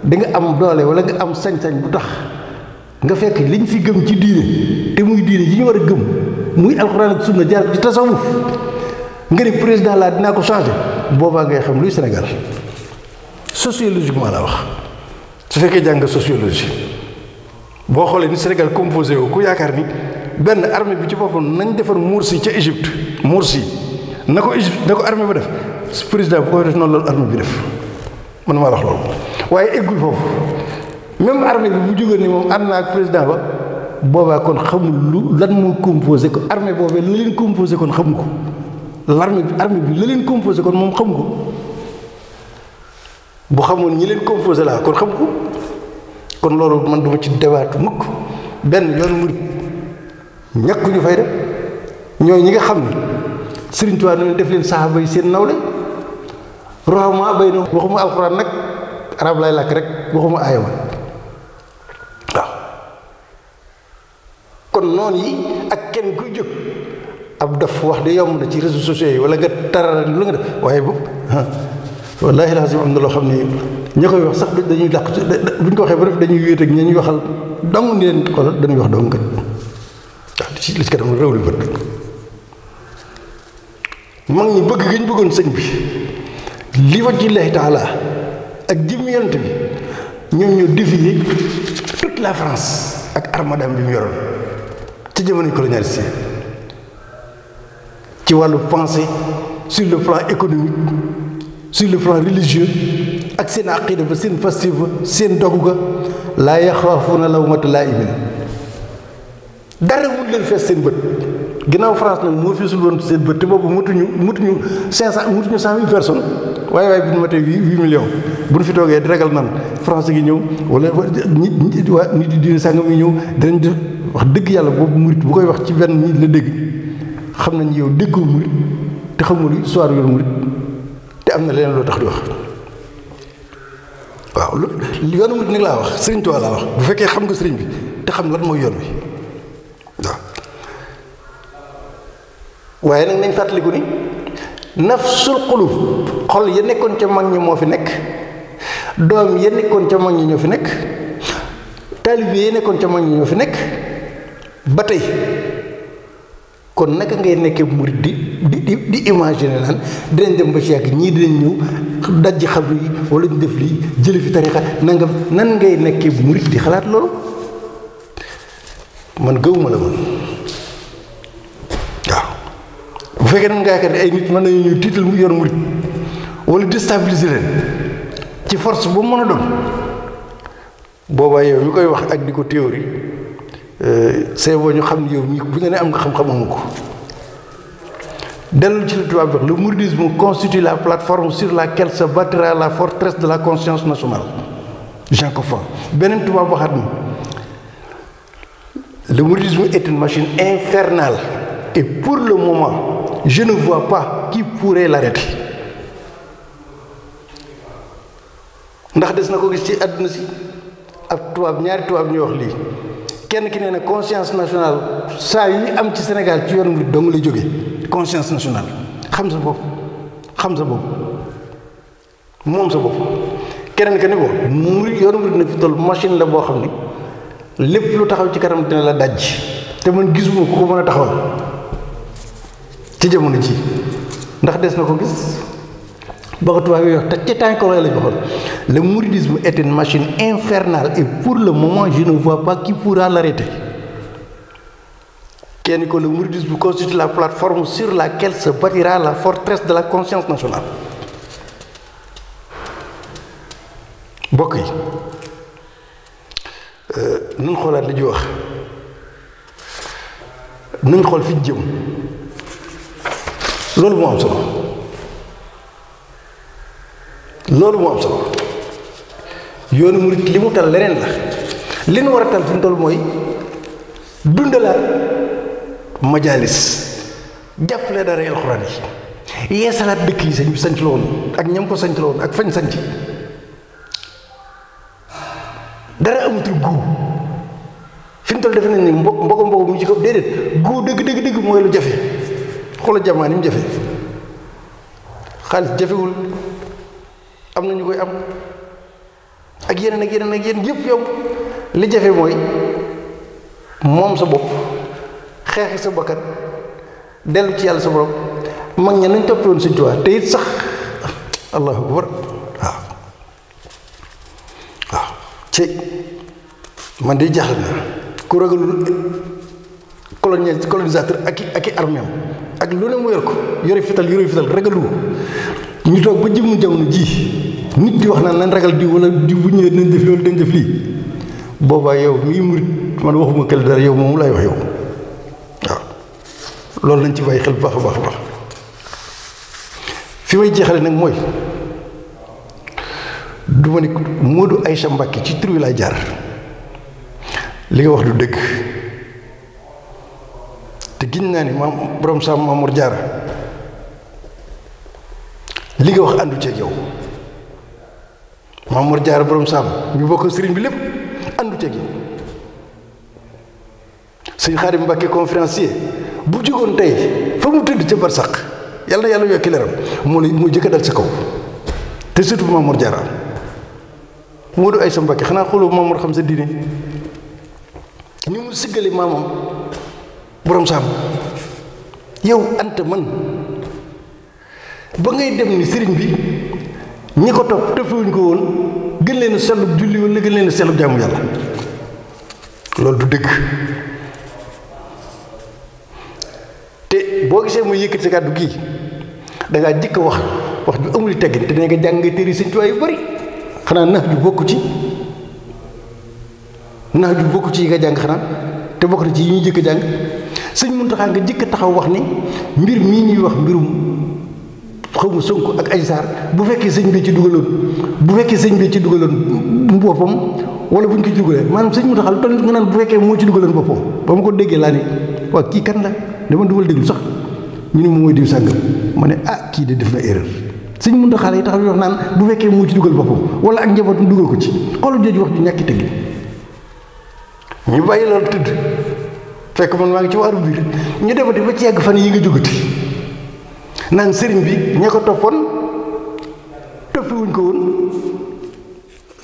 di nga am doole wala nga am sañ-sañ bu tax nga fekk liñ fi gëm ci diine te muy diine yi ñu war a gëm muy alxuraan ak sunna jaar bi tasawuf nga ni président laa dinaa ko changé boobaa ngay xam luy Sénégal sociologiquement laa wax su fekkee jàng sociologie. boo xoolee ni Sénégal composé wu ku yaakaar ni benn armée bi ci boppam nañ defar Morsi ca Égypte Morsi na ko Égypte na ko armée ba def président bu koy def noonu loolu bi def man maa wax loolu waaye eggul foofu même armée bi bu jógoon ni moom ànd naa ak président ba boobaa kon xamul lu lan moo composé ko armée boobee la leen composé kon xamu ko l'armée bi armée bi la leen composé kon moom xamu ko bu xamoon ñi leen composé laa kon xamu ko kon loolu man duma ci dewaatu mukk benn yoon murit ñàkk ñu fay dem ñooy ñi nga xam ni Sëriñ Tuubaa ne def leen saxaaba yi seen nawle roxamaa bay na waxuma alxuraan nag arab lay làkk rek waxuma aaya waaw kon noonu yi ak kenn kuy jóg ab daf wax de yomb na ci réseaux sociaux yi wala nga taral lu nga def waaye boobu wallaahi lazim am na loo xam ne ñi koy wax sax dañuy làq buñ ko waxee ba def dañuy wéet ak ñi ñuy waxal dong ni leen xoolal dañuy wax dong kat waaw réew li bët mag ñi bëgg gi bëggoon sëñ bi li wajjillahi taala ak jëm yonent bi ñoom ñoo défier toute la France ak armadaam bi mu yoroon ci jamono colonialiste ci wàllu pensée sur le plan économique sur le plan religieux ak seen aqida ba seen fastif ba seen dogu ga laa yaxaafuuna lawmata laa'imin dara mun leen fees seen bët ginnaaw France nag moo feesul seen bët te boobu mutuñu mutuñu cinq cent mutuñu cent mille personnes waaye waaye bu ñu matee huit millions bu ñu fi toogee di ragal nan France gi ñëw wala nit nit waa nit yi diine sàngam yi ñëw dinañ def wax dëgg yàlla boobu murit bu koy wax ci benn nit la dégg xam nañ yow déggoo murit te xamul histoire te am na leneen loo tax di wax waaw lu yoonu murid laa wax sëriñ Tuubaa laa wax bu fekkee xam nga sëriñ bi te xam lan mooy yoon wi waaw waaye nag nañ fàttaliku ni nafsul xulub xol ya nekkoon ca mag ñi moo fi nekk doom ya nekkoon ca mag ñi ñoo fi nekk taalibe ya nekkoon ca mag ñi ñoo fi nekk ba tey kon naka ngay nekkee bu murid di di di imaginer naan dinañ dem ba ci yàgg ñii dinañ ñëw daj xabru yi wala ñu def lii jële fi tarixa nangam nan ngay nekkee murid di xalaat loolu man gëwuma la man waaw bu fekkee nan nga yaakaar ne ay nit mën nañu ñuy tiital mu yor murid wala déstabiliser leen ci force bu mu mën a doon boobaa yow mi koy wax ak di ko théorie Euh, c'est boo ñu xam ne yow ñi bu nga ne am nga xam-xam amu ko dellu ci li tubaab wax le mouridisme constitue la plateforme sur laquelle se bâtira la forteresse de la conscience nationale Jean Coffin beneen tubaab waxaat ni le mouridisme est machine infernale et pour le moment je ne vois pas qui pourrait ndax des na ko gis ci àdduna si ab tubaab ñaari tubaab ñuy wax lii kenn ki nee na conscience nationale saa yi am ci Sénégal ci yoonu murid dong lay jógee conscience nationale xam sa bopp xam sa bopp moom sa bopp keneen ka ni ko murid yoonu murid nag fi toll machine la boo xam ni lépp lu taxaw ci kanam dina la daj te man gisuma ku ko mën a taxawal ci jamono ji ndax des na ko gis ba ko tubaab yi te ca tànk loolu la ñu waxoon machine infernale et pour le moment je ne vois pas qui pourra l'arrêter kenn ko le mouridisme constitue la plateforme sur la se bâtira la forteresse de la conscience nationale mbokk yi euh, nun xoolaat li ju wax nun xool fi jëm loolu moo am solo loolu moo am solo yoonu murit li mu tal leneen la li nu war a tal fi mu toll mooy dundalaat majaalis jàppale dara yi alxuraan yi yeesalaat dëkk yi sañ sañc la woon ak ñam ko sañc la woon ak fañ sañc dara amatul guu fi mu defe nañ ni mbo mbogo mbogo mu ci ko déedéet guu dëgg dëgg dëgg mooy lu jafe xoola jamaan yi jafe xaalis jafewul am na ñu koy am ak yeneen ak yeneen ak yeneen yépp yow li jafe mooy moom sa bopp xeexi sa bakkan dellu ci yàlla sa borom mag ña nañ toppee woon Sëñ Tuubaa sax allahu akbar man de jaaxal na ku ragalul colonisateur ak i ak i ak lu ne mu yor ko yore fital yore fital ragalu ñu toog ba jëm jamono ji nit di wax naan nañ ragal diw walla diw bu ñu dinañ def loolu dañ def lii boobaa yow mii murit man waxuma kële dara yow moom lay wax yow waaw loolu lañ ci bàyyi xel bu baax baax baax fi may jeexale nag mooy du ma ne Modou Aïcha Mbacke ci tur wi laay jaar li nga wax du dëgg te giñ naa ne maam borom saa Mamour Diarra li nga wax àndu ceeg yow. Mamour jaar borom Sàmm ñu bokk sëriñ bi lépp àndu tegi suñu Xaadim Mbàkke conférencier bu jógoon tey fa mu tëdd ca barsàq yàlla na yàlla yokki leeram moo la moo jëkk dal si kaw te surtout Mamour Diarra moo du ay sa Mbàkke xanaa xooloo Mamour xam sa diine ñu mu siggali maamam borom Sàmm yow ant man ba ngay dem ni sëriñ bi ñi ko topp tëfewuñ ko woon gën leen sellu julli wala gën leen sellu jaamu yàlla loolu du dëgg te boo gisee muy yëkkati sa kàddu gii dangaa ngaa jëkk wax wax ju amul teggin te dina nga jàng nga téere sëñ Tuubaa bari xanaa nax ju bokku ci nax ju bokku ci yi nga jàng xanaa te bokk na ci yi ñuy jëkk jàng sëñ Muntaxa nga jëkk taxaw wax ni mbir mii ñuy wax mbirum xaw ma Sonko ak fekkee sëñ bi ci dugaloon bu fekkee sëñ bi ci dugaloon boppam wala bu ko ci dugalee maanaam sëñ mu taxal lu tax nga bu fekkee moo ci dugaloon boppam ba ma ko déggee laa ne waaw kii kan la dama dugal déglu sax ñu ne moom mooy ma ne ah kii de def na erreur mun mu taxal yi taxaw wax naan bu fekkee moo ci dugal boppam wala ak njabootu dugal ko ci xoolu jooju wax ju ñàkki tëgg ñu bàyyi loolu tëdd fekk man maa ngi ci waaru biir ñu defati ba ci yàgg fan yi nga jógati naan sëriñ bi ña ko toppoon toppiwuñ ko woon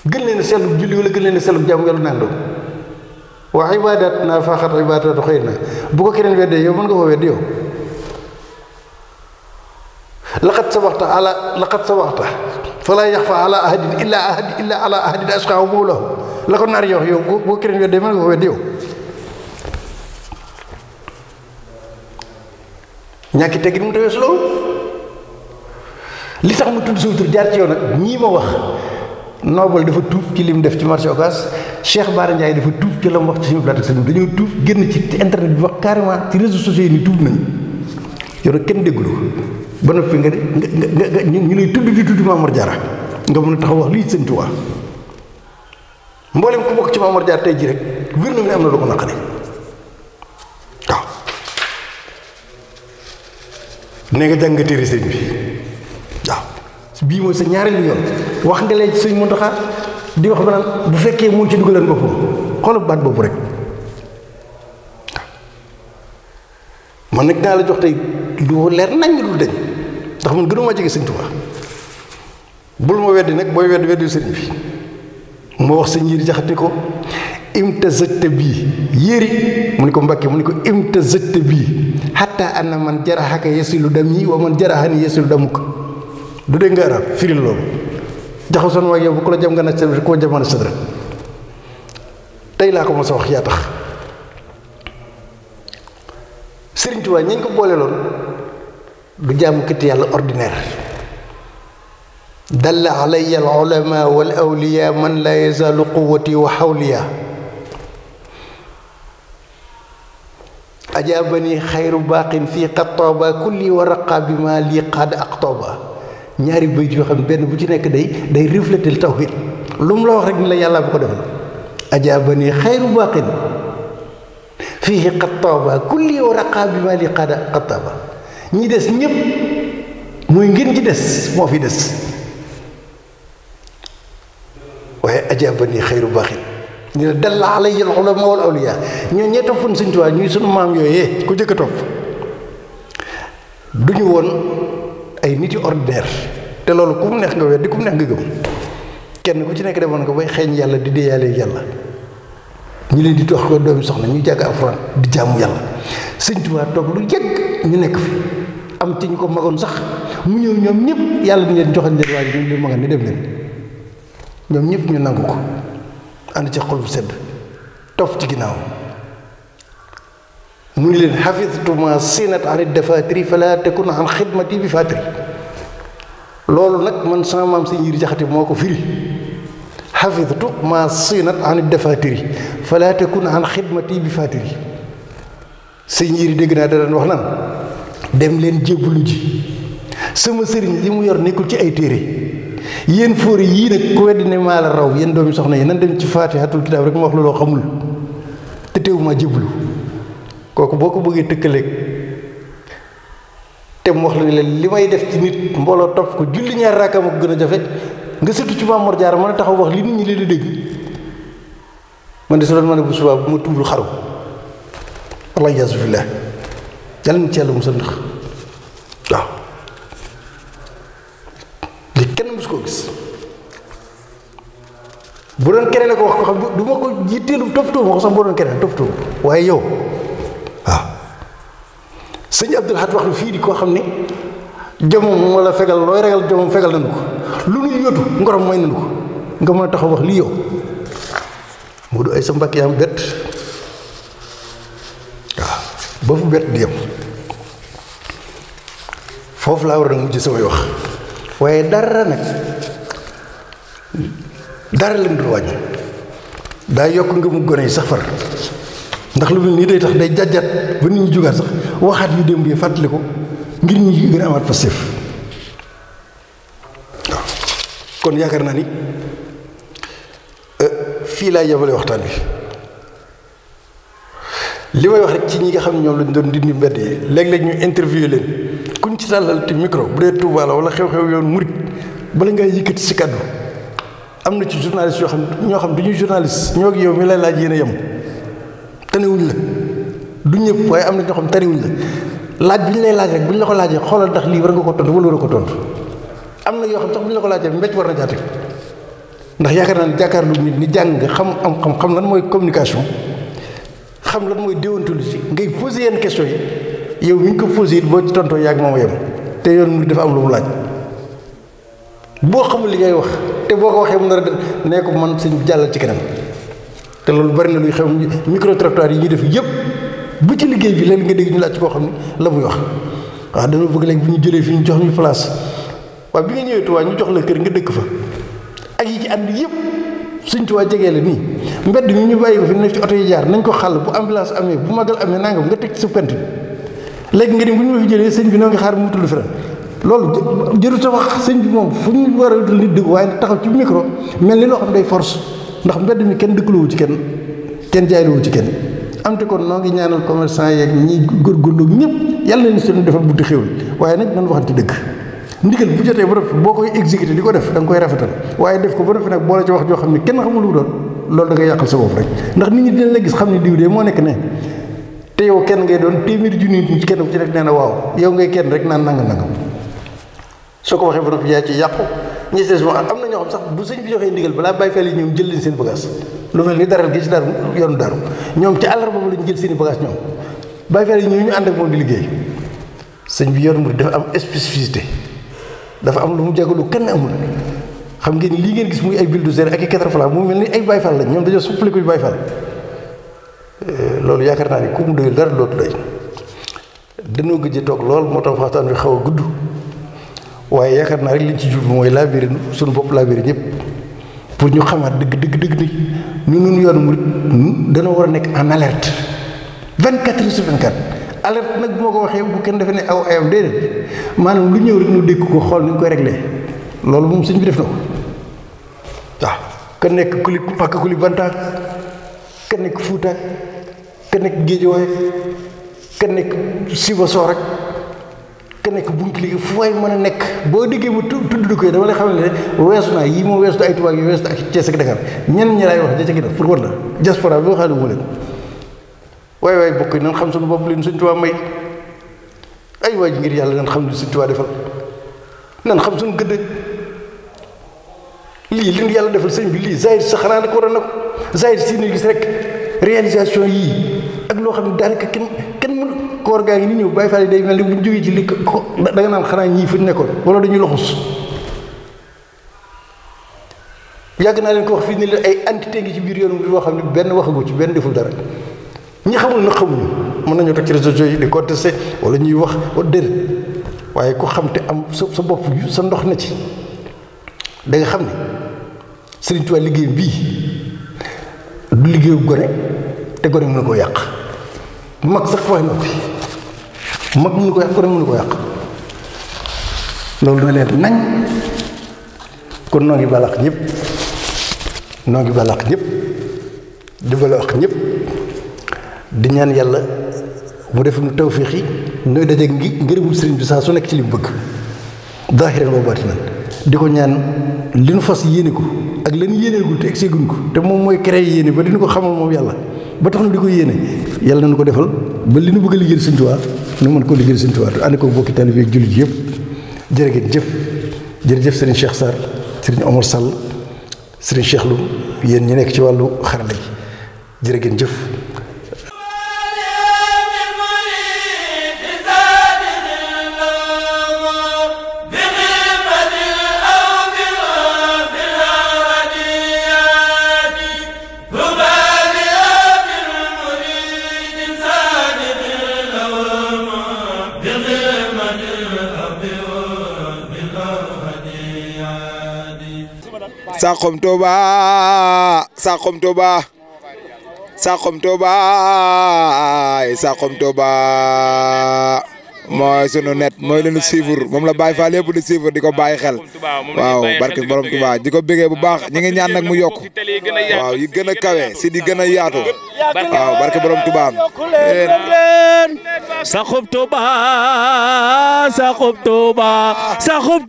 gën leen sellub julli wala gën leen sellub jàmm yàlla naan doon waa ibaadaat naa faaxat ibaadaat xëy na bu ko keneen weddee yow mën nga ko wedd yow laqad sabaxta ala laqad sabaxta falaa yaxfa ala ahadin illa ahad illa ala ahadin asxaaw mawlahu la ko naar yox yow bu ko keneen weddee mën nga ko wedd yow ñàkki teggin mu taweesu loolu li tax ma tudd suuf tur jaar ci yoon nag ñii ma wax Nobel dafa tuub ci li mu def ci marché Ocass Cheikh Bara Ndiaye dafa tuub ci la mu wax ci suñu plateau sëñ dañoo tuub génn ci internet bi wax carrément ci réseaux sociaux yi ni tuub nañ yow kenn déglu ba noppi nga nga nga ñu lay tudd di tudd Mamour Diarra nga mun a taxaw wax lii sëñ Tuubaa mboolem ku bokk ci Mamour Diarra tey jii rek wér na ne am na lu ko naqari ne nga jàng nga téere sëñ bi waaw bii mooy sa ñaareelu yoon wax nga leen sëñ Muntaxa di wax ba naan bu fekkee moo ci dugaleen boppam xoolal baat boobu rek man nag naa la jox tey lu leer nañ lu dañ ndax man gënuma jege sëñ Tuubaa bul ma weddi nag booy weddi weddi sëñ bi moo wax sëñ yéri jaxate ko imta zëjte bii yéri mu ne ko mbàkke mu ne ko imta zëjte bii xatta anna man jaraxaka yasilu dam yi wa man jaraxani yasilu damuk du dégg nga arab firil loolu jaxasoon waag yow bu ko la jam nga na sëdra koo jamono sëdra tey laa ko mos a wax yaa tax Sëriñ Tuubaa ñi ko boole loon du jaamukati yàlla ordinaire dalla alayya al ulama man la yazalu quwati wa xawliya ajaabani xayru baaqin fii qad tooba kulli a raqa bi ma lii qaad ak tooba ñaari bayt yoo xam ne benn bu ci nekk day day refléter tawhid lu mu la wax rek ni la yàlla bu ko defal ajaabani xayru baaqin fii qad ñi des ñëpp muy ci des fi des waaye ajaabani xayru baaqin ñu dellaa la yël ulama wal awliya ñoo ñee toppoon Sëñ Tuubaa ñuy sunu maam yooyee ku jëkk a topp du ñu woon ay nit yu ordinaire te loolu ku mu neex nga wedd di ku mu neex nga gëm kenn ku ci nekk demoon nga bay xeeñ yàlla di deeyaale yàlla ñu leen di dox ko doomi soxna ñuy jàkk alxuraan di jàmm yàlla Sëñ Tuubaa toog lu yëgg ñu nekk fi am ci ñu ko magoon sax mu ñëw ñoom ñëpp yàlla di leen joxañ leen waaye ñu li ma dem leen ñoom ñëpp ñu nangu ko ànd ca xol bu sedd tof ci ginnaaw mu ni leen xafituma sinat anit dafatiri fala takun an xidmati bi fatiri loolu nag man sama maam si njiri jaxati moo ko firi xafitu ma sinat anit dafatiri fala takun an xidmati bi fatiri si njiri dégg naa da wax naan dem leen jébbalu ji sama sëriñ li mu yor nekkul ci ay téere yéen fóori yii nag ku wedd ne maa la raw yéen doomi soxna yi nan dem ci faatihatul kitaab rek ma wax looloo xamul te teewuma jiblu kooku boo ko bëggee tëkkaleeg te mu wax la ne li may def ci nit mbooloo topp ko julli ñaar raaka ma gën a jafe nga sëtu ci Maam Mor Jaara mën a taxaw wax li nit ñi leen di dégg man de su doon ma ne bu subaa bu ma tuubul xaru walla iyaasu billaah yàlla na ci yàlla musal ndax koo gis bu doon keneen la ko wax ko xam du ma ko jitteelu toftoo ma ko sax bu doon keneen toftoo waaye yow waaw sëñ Abdul Ahad wax lu fii di koo xam ne jomom wala fegal looy ragal jomom fegal nañu ko lu nu yóotu ngorom may nañu ko nga mën a taxaw wax lii yow mu du ay sa mbàkk bett waaw ba fu bett di yem foofu laa war a mujj samay wax waaye dara nag dara lañ dul wàññi daa yokk nga mu gone yi sax ndax lu mel nii day tax day jàjjat ba nit ñi jugaat sax waxaat yu démb yi fàttali ko ngir ñi gën a amaat passif waaw kon yaakaar naa ni euh, fii laay yemale waxtaan bi li may wax rek ci ñi nga xam ne ñoom lañ doon dindi mbedd yi léeg-léeg ñu interview leen kuñ ci tàllal ti micro bu dee Touba la wala xew-xew yoon murit bala ngay yëkkati si kaddu am na ci journaliste yoo xam ñoo xam du ñuy journaliste ñoo gi yow mi lay laaj yéen a yem tanewuñ la du ñëpp waaye am na ñoo xam tariwuñ la laaj bi ñu lay laaj rek bu ñu la ko laajee xoolal ndax lii war nga ko tontu wala war a ko tontu am na yoo xam sax bu ñu la ko laajee mbécc war na jaate ndax yaakaar naa ne jàkkaarloo nit ni jàng xam am xam xam lan mooy communication xam lan mooy déontologie ngay poser yenn question yi yow mi ko posé it boo ci tontoo yàgg moom yem te yoon mu dafa am lu mu laaj boo xamul li ngay wax te boo ko waxee mu nar a nee ko man suñ jàllal ci kanam te loolu bari na luy xew micro yi ñuy def yëpp bu ci liggéey bi leen nga dégg ñu laaj ci koo xam ne la buy wax waaw dañoo bëgg léegi bu ñu jëlee fi ñu jox ñu place waaw bi nga ñëwee Tuubaa ñu jox la kër nga dëkk fa ak yi ci ànd yëpp suñ Tuubaa jegee la nii mbedd mi ñu bàyyi ko fi ne ci oto yi jaar nañ ko xàll bu ambulance amee bu magal amee nangam nga teg ci léegi nga ni bu ñu ma fi jëlee sëñ bi noo ngi xaar mu tudd feneen loolu jërut a wax sëñ bi moom fu ñu war a wutal nit dëgg waaye taxaw ci micro mel ni loo xam day force mi kenn dëkkaloowu ci kenn kenn jaayluwu ci kenn am kon noo ngi ñaanal commerçant yeeg ñiy góorgóorlu ñëpp yàlla nañu seen defal buddi xéwal waaye nag nañ waxante dëgg ndigal bu jotee ba noppi boo koy exécuté di ko def da nga koy rafetal waaye def ko ba noppi nag boole ci wax joo xam ne kenn xamul lu doon loolu da ngay yàqal sa bopp rek ndax nit ñi dinañ la gis xam ne diw de moo nekk ne te yow kenn ngay doon téeméeri junni nit kenn ci rek nee na waaw yow ngay kenn rek naan nanga nangam soo ko waxee ba noppi yaa ci yàqu ñi si moom am na ñoo xam bu sëñ bi joxee ndigal balaa bàyyi feel yi ñoom jël leen seen bagage lu mel ni daral gi ci daru yoonu daru ñoom ci àllarba boobu lañu jël seen i bagage ñoom bàyyi feel yi ñoom ñu ànd ak moom di liggéey sëñ bi yoon mu dafa am spécificité dafa am lu mu jagalu kenn amul xam ngeen lii ngeen gis muy ay bulldozer ak i quatre ni ay Baye Fall lañ ñoom dañoo suppaliku Baye Euh, loolu yaakaar naa ni ku mu doyul dara lootu doy dañoo gëj toog lool moo tax waxtaan bi xaw a gudd waaye yaakaar naa rek liñ ci jub mooy laabiri suñu bopp laabiri ñëpp pour ñu xamaat dëgg dëgg dëgg ni ñu nun yoon murit dana war a en alerte 24 heures sur 24 nag bu ko waxee bu kenn defe ne aw ayam déedéet maanaam lu ñëw rek ñu dégg ko xool ni ñu koy réglé loolu moom suñ bi def na ko waaw ka nekk kuli pakk kuli bantaak ka nekk fuutaak ka nekk Géejawaay ka nekk Sibassor rek ka nekk Bounkiling fu ay man a nekk boo déggee mu tudd ko dama lay xam ne weesu naa yi moo weesu ay tubaab yi weesu ak Thiès ak Dakar ñenn ñi laay wax ja ca ginnaaw pour war xam ne moo leen waaye waaye bokk yi nan xam suñu bopp ay waay ji ngir yàlla nan xam ne suñ tubaab defal xam lii li ñu yàlla defal sëñ bi lii Zahir sax xanaa nag waroon na ko Zahir si ñu gis rek réalisation yii loo xam ne daanaka kenn kenn mun koor gaa ngi ni ñëw bàyyi faale day mel ni bu jógee ci li ko da nga naan xanaa ñii fu ñu nekkoon wala dañuy loxus yàgg naa leen ko wax fii ni leen ay entité ngi ci biir yoonu bi boo xam ne benn waxagu ci benn deful dara ñi xamul na xamuñu mën nañu toog ci réseaux sociaux yi di contesté walla ñuy wax wala dër waaye ku xam te am sa sa bopp sa ndox na ci da xam ne Sëriñ Tuubaa liggéeyam bii du liggéeyu gone te gone mën na koo yàq mag sax fooy noppi mag mënu ko yàq ko ne mënu ko yàq loolu doo leen nañ kon noo ngi balax ñépp noo ngi ñëpp di balax ñëpp di ñaan yàlla mu def nu tawfiix yi nooy daje ngi ngërëmul sëriñ bi saa su nekk ci li mu bëgg daaxiran wa baatinan di ko ñaan li nu fas yéene ko ak lan yéeneegul te egseeguñ ko te moom mooy créé yéene ba nu ko xamal moom yàlla ba tax na di ko yéene yàlla nu ko defal ba li nu bëgg a liggéeyal Sëñ Tuubaa nu mën koo liggéeyal Sëñ Tuubaa te ànd ko bokki taalibe ak jullit yëpp jërë ngeen jëf jërëjëf jëf Cheikh Sarr Serigne Omar Sall Serigne Cheikh Lou yéen ñi nekk ci wàllu xarala yi jërë ngeen jëf Saxum Touba Saxum Touba Saxum Touba Saxum Touba mooy sunu net mooy leen suivre moom la Baye Fall yëpp di suivre di ko bàyyi xel waaw barke borom Tuubaa di ko bégee bu baax ñi ngi ñaan nag mu yokk waaw yi gën a kawe si di gën a yaatu waaw barke borom Tuubaa saxub Tuubaa saxub Tuubaa saxub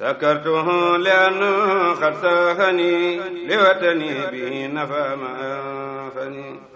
سكرته لأنه قد ساخني لوطني به نفى ما أنفني